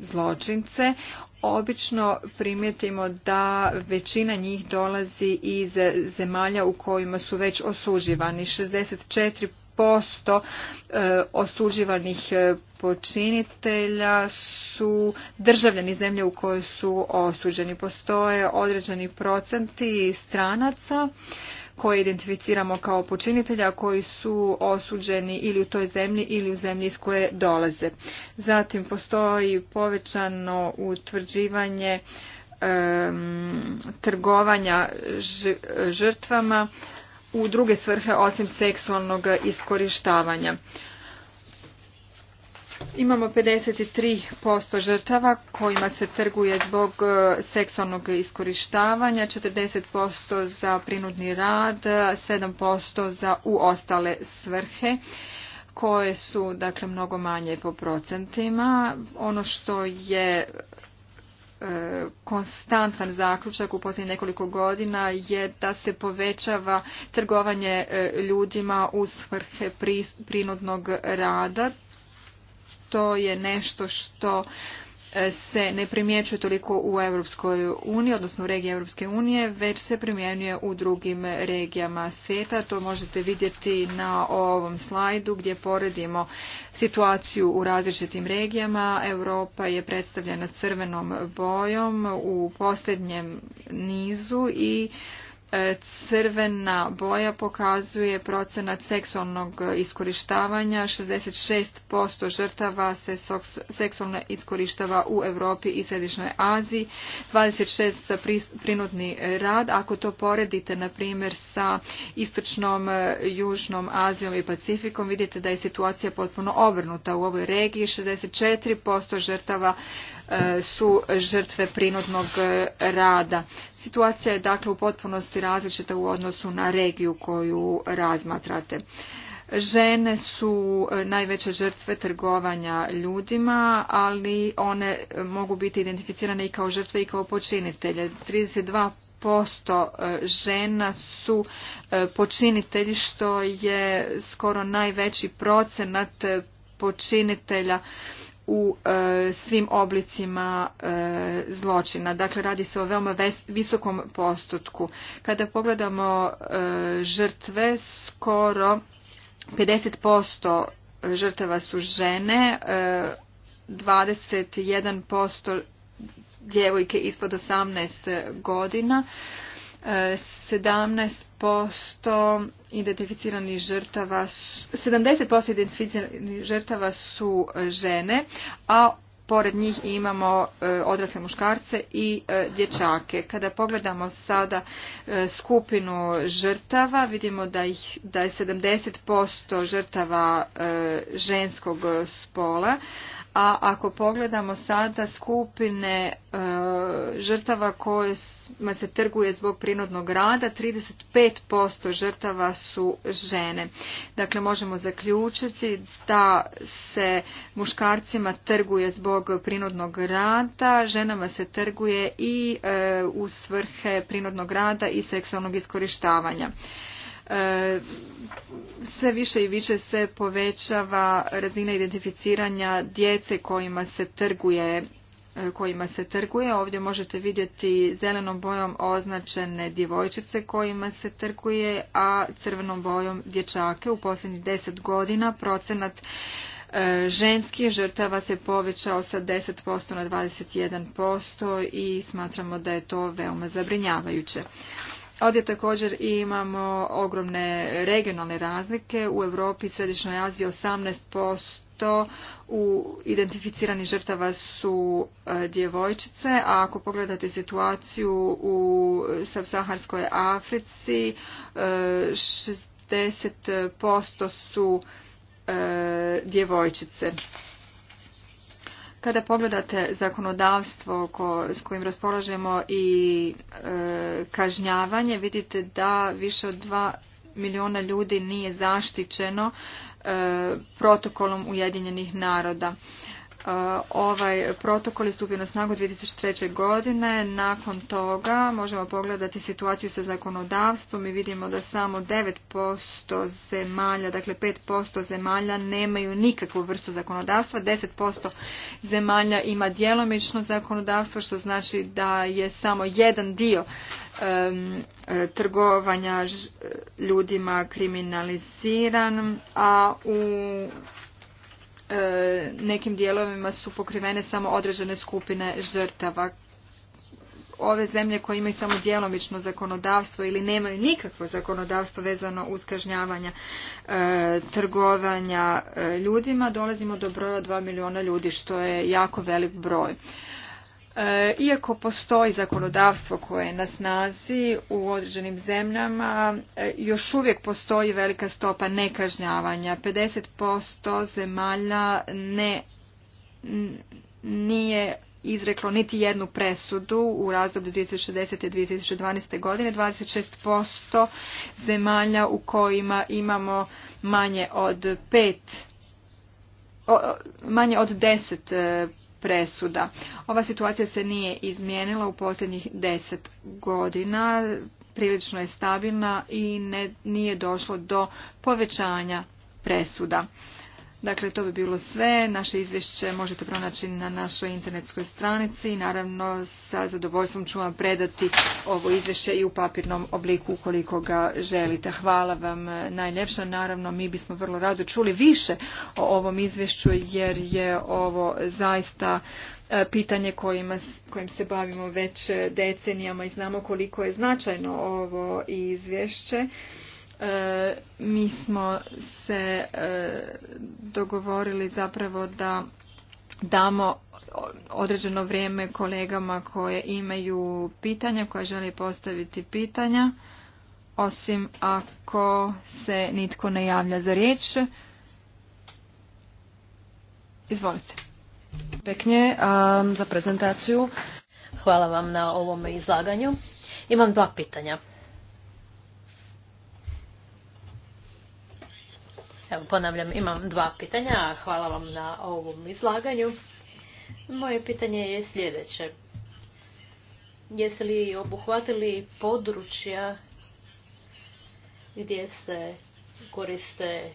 [SPEAKER 4] zločince, obično primijetimo da većina njih dolazi iz zemalja u kojima su već osuživani. 64 posto e, osuđivanih e, počinitelja su državljani zemlje u kojoj su osuđeni postoje određeni procenti stranaca koje identificiramo kao počinitelja koji su osuđeni ili u toj zemlji ili u zemlji iz koje dolaze zatim postoji povećano utvrđivanje trgovanja žrtvama u druge svrhe osim seksualnog iskorištavanja. Imamo 53% žrtava kojima se trguje zbog e, seksualnog iskorištavanja, 40% za prinudni rad, 7% za u ostale svrhe koje su dakle mnogo manje po procentima. Ono što je E, konstantan zaključak u posljednjih nekoliko godina je da se povećava trgovanje e, ljudima u svrhe prinudnog rada. To je nešto što se ne primjećuje toliko u Europskoj uniji, odnosno u regiji Europske unije, već se primjenjuje u drugim regijama svijeta. To možete vidjeti na ovom slajdu gdje poredimo situaciju u različitim regijama. Europa je predstavljena crvenom bojom u posljednjem nizu i E, crvena boja pokazuje procenat seksualnog iskorištavanja. 66% žrtava se seksualno iskorištava u Europi i Središnjoj Aziji. 26% za prinudni rad. Ako to poredite, na primjer, sa Istočnom, e, Južnom Azijom i Pacifikom, vidite da je situacija potpuno obrnuta u ovoj regiji. 64% žrtava e, su žrtve prinudnog rada. Situacija je dakle u potpunosti različita u odnosu na regiju koju razmatrate. Žene su e, najveće žrtve trgovanja ljudima, ali one e, mogu biti identificirane i kao žrtve i kao počinitelje. 32% e, žena su počinitelji što je skoro najveći procenat počinitelja u e, svim oblicima e, zločina. Dakle, radi se o veoma visokom postotku. Kada pogledamo e, žrtve, skoro 50% žrtava su žene, 21% djevojke ispod 18 godina, 17% identificiranih žrtava, 70% identificiranih žrtava su e, žene, a pored njih imamo e, odrasle muškarce i e, dječake. Kada pogledamo sada skupinu žrtava, vidimo da, ih, da je 70% žrtava ženskog spola, a ako pogledamo sada skupine e, žrtava kojima se trguje zbog prinudnog rada, 35% žrtava su žene. Dakle, možemo zaključiti da se muškarcima trguje zbog prinudnog rada, ženama se trguje i e, u svrhe prinudnog rada i seksualnog iskorištavanja. E, sve više i više se povećava razina identificiranja djece kojima se trguje e, kojima se trguje. Ovdje možete vidjeti zelenom bojom označene djevojčice kojima se trguje, a crvenom bojom dječake. U posljednjih deset godina procenat e, ženskih žrtava se povećao sa 10% na 21% i smatramo da je to veoma zabrinjavajuće. Ovdje također imamo ogromne regionalne razlike. U Europi i Središnjoj Aziji 18% u identificiranih žrtava su e, djevojčice, a ako pogledate situaciju u subsaharskoj Africi, 60% e, su e, djevojčice. Kada pogledate zakonodavstvo s kojim raspolažemo i e, kažnjavanje, vidite da više od 2 milijuna ljudi nije zaštićeno e, protokolom Ujedinjenih naroda. Ovaj protokol je stupio na snagu 2003. godine. Nakon toga možemo pogledati situaciju sa zakonodavstvom i vidimo da samo 9% zemalja, dakle 5% zemalja nemaju nikakvu vrstu zakonodavstva. 10% zemalja ima djelomično zakonodavstvo što znači da je samo jedan dio trgovanja ljudima kriminaliziran, a u E, nekim dijelovima su pokrivene samo određene skupine žrtava. Ove zemlje koje imaju samo djelomično zakonodavstvo ili nemaju nikakvo zakonodavstvo vezano uz kažnjavanja e, trgovanja e, ljudima, dolazimo do broja 2 miliona ljudi, što je jako velik broj. E, iako postoji zakonodavstvo koje je na snazi u određenim zemljama, e, još uvijek postoji velika stopa nekažnjavanja. 50% zemalja ne, nije izreklo niti jednu presudu u razdoblju 2060. i 2012. godine, 26% zemalja u kojima imamo manje od 5 manje od 10 presuda. Ova situacija se nije izmijenila u posljednjih deset godina, prilično je stabilna i nije došlo do povećanja presuda. Dakle, to bi bilo sve. Naše izvješće možete pronaći na našoj internetskoj stranici i naravno sa zadovoljstvom ću vam predati ovo izvješće i u papirnom obliku ukoliko ga želite. Hvala vam najljepša. Naravno, mi bismo vrlo rado čuli više o ovom izvješću jer je ovo zaista e, pitanje kojima, kojim se bavimo već decenijama i znamo koliko je značajno ovo izvješće. E, mi smo se e, dogovorili zapravo da damo određeno vrijeme kolegama koje imaju pitanja, koje žele postaviti pitanja, osim ako se nitko ne javlja za riječ. Izvolite.
[SPEAKER 1] Peknje za prezentaciju. Hvala vam na ovome izlaganju. Imam dva pitanja. Evo, ponavljam, imam dva pitanja. Hvala vam na ovom izlaganju. Moje pitanje je sljedeće. Jesi li obuhvatili područja gdje se koriste e,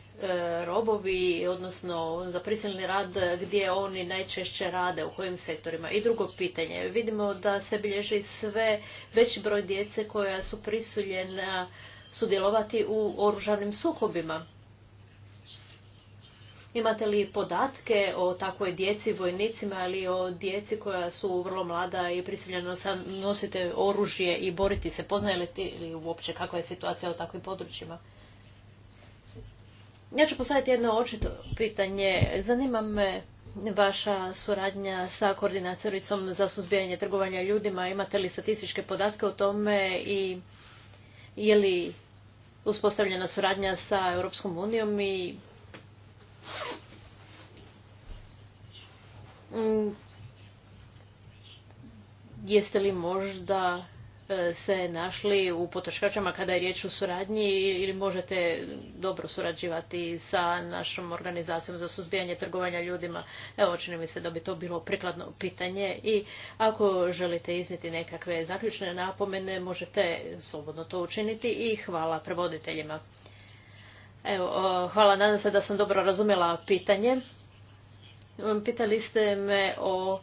[SPEAKER 1] robovi, odnosno za prisilni rad gdje oni najčešće rade, u kojim sektorima. I drugo pitanje, vidimo da se bilježi sve veći broj djece koja su prisiljena sudjelovati u oružanim sukobima. Imate li podatke o takvoj djeci, vojnicima ili o djeci koja su vrlo mlada i prisiljena nosite oružje i boriti se? Poznaje li uopće kakva je situacija u takvim područjima? Ja ću postaviti jedno očito pitanje. Zanima me vaša suradnja sa koordinatoricom za suzbijanje trgovanja ljudima. Imate li statističke podatke o tome i je li uspostavljena suradnja sa Europskom unijom i Mm. Jeste li možda e, se našli u potrškačama kada je riječ o suradnji ili možete dobro surađivati sa našom organizacijom za suzbijanje trgovanja ljudima? Evo, čini mi se da bi to bilo prikladno pitanje i ako želite izniti nekakve zaključne napomene, možete slobodno to učiniti i hvala prevoditeljima. Evo, hvala, nadam se da sam dobro razumjela pitanje. Pitali ste me o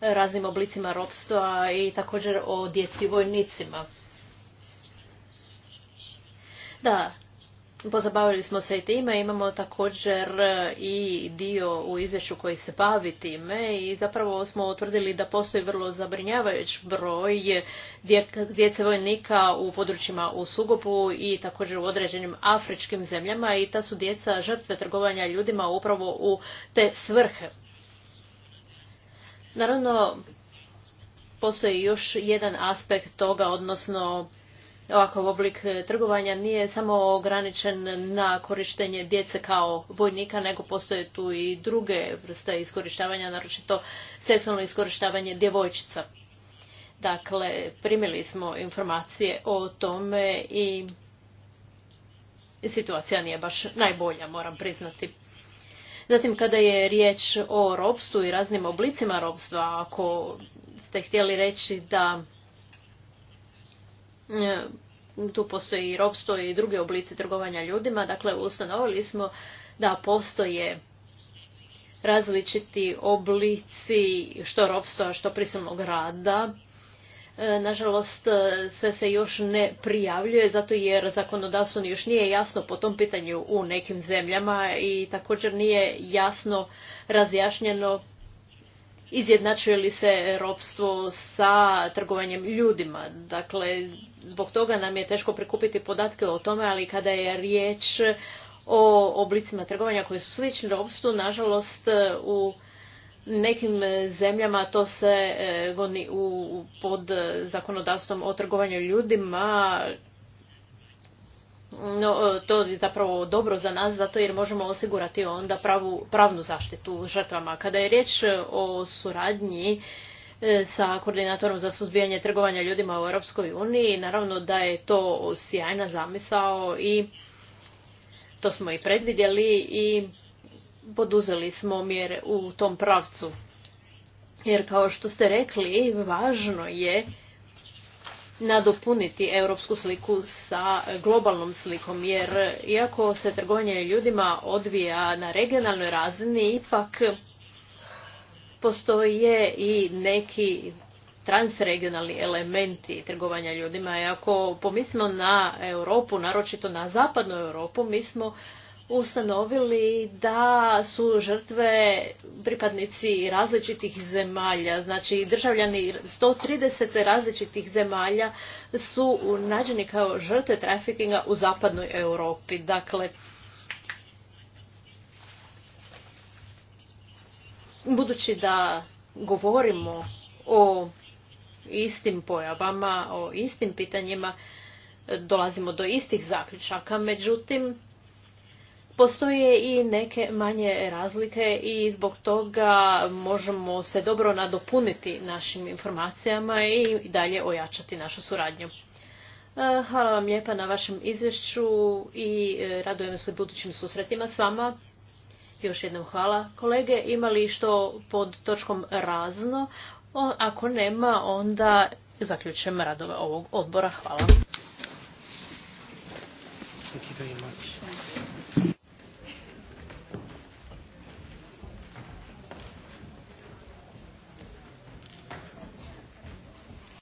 [SPEAKER 1] raznim oblicima ropstva i također o djeci vojnicima. Da, Pozabavili smo se i time, imamo također e, i dio u izvješću koji se bavi time i zapravo smo utvrdili da postoji vrlo zabrinjavajuć broj djece vojnika u područjima u Sugopu i također u određenim afričkim zemljama i ta su djeca žrtve trgovanja ljudima upravo u te svrhe. Naravno, postoji još jedan aspekt toga, odnosno ovakav oblik e, trgovanja nije samo ograničen na korištenje djece kao vojnika, nego postoje tu i druge vrste iskorištavanja, naročito seksualno iskorištavanje djevojčica. Dakle, primili smo informacije o tome i situacija nije baš najbolja, moram priznati. Zatim, kada je riječ o robstvu i raznim oblicima robstva, ako ste htjeli reći da tu postoji i robstvo i druge oblici trgovanja ljudima. Dakle, ustanovili smo da postoje različiti oblici što robstva, što prisilnog rada. E, nažalost, sve se još ne prijavljuje, zato jer zakonodavstvo još nije jasno po tom pitanju u nekim zemljama i također nije jasno razjašnjeno izjednačuje li se ropstvo sa trgovanjem ljudima. Dakle, zbog toga nam je teško prikupiti podatke o tome, ali kada je riječ o oblicima trgovanja koji su slični ropstvu, nažalost u nekim zemljama to se e, goni pod zakonodavstvom o trgovanju ljudima no, e, to je zapravo dobro za nas, zato jer možemo osigurati onda pravu, pravnu zaštitu žrtvama. Kada je riječ o suradnji e, sa koordinatorom za suzbijanje trgovanja ljudima u Europskoj uniji, naravno da je to sjajna zamisao i to smo i predvidjeli i poduzeli smo mjere u tom pravcu. Jer kao što ste rekli, važno je nadopuniti europsku sliku sa globalnom slikom, jer iako se trgovanje ljudima odvija na regionalnoj razini, ipak postoje i neki transregionalni elementi trgovanja ljudima. I ako pomislimo na Europu, naročito na zapadnu Europu, mi smo ustanovili da su žrtve pripadnici različitih zemalja, znači državljani 130 različitih zemalja su nađeni kao žrtve trafikinga u zapadnoj Europi. Dakle, budući da govorimo o istim pojavama, o istim pitanjima, dolazimo do istih zaključaka, međutim, Postoje i neke manje razlike i zbog toga možemo se dobro nadopuniti našim informacijama i dalje ojačati našu suradnju. E, hvala vam lijepa na vašem izvješću i e, radujem se budućim susretima s vama. Još jednom hvala kolege. Ima li što pod točkom razno? Ako nema, onda zaključujem radove ovog odbora. Hvala. Thank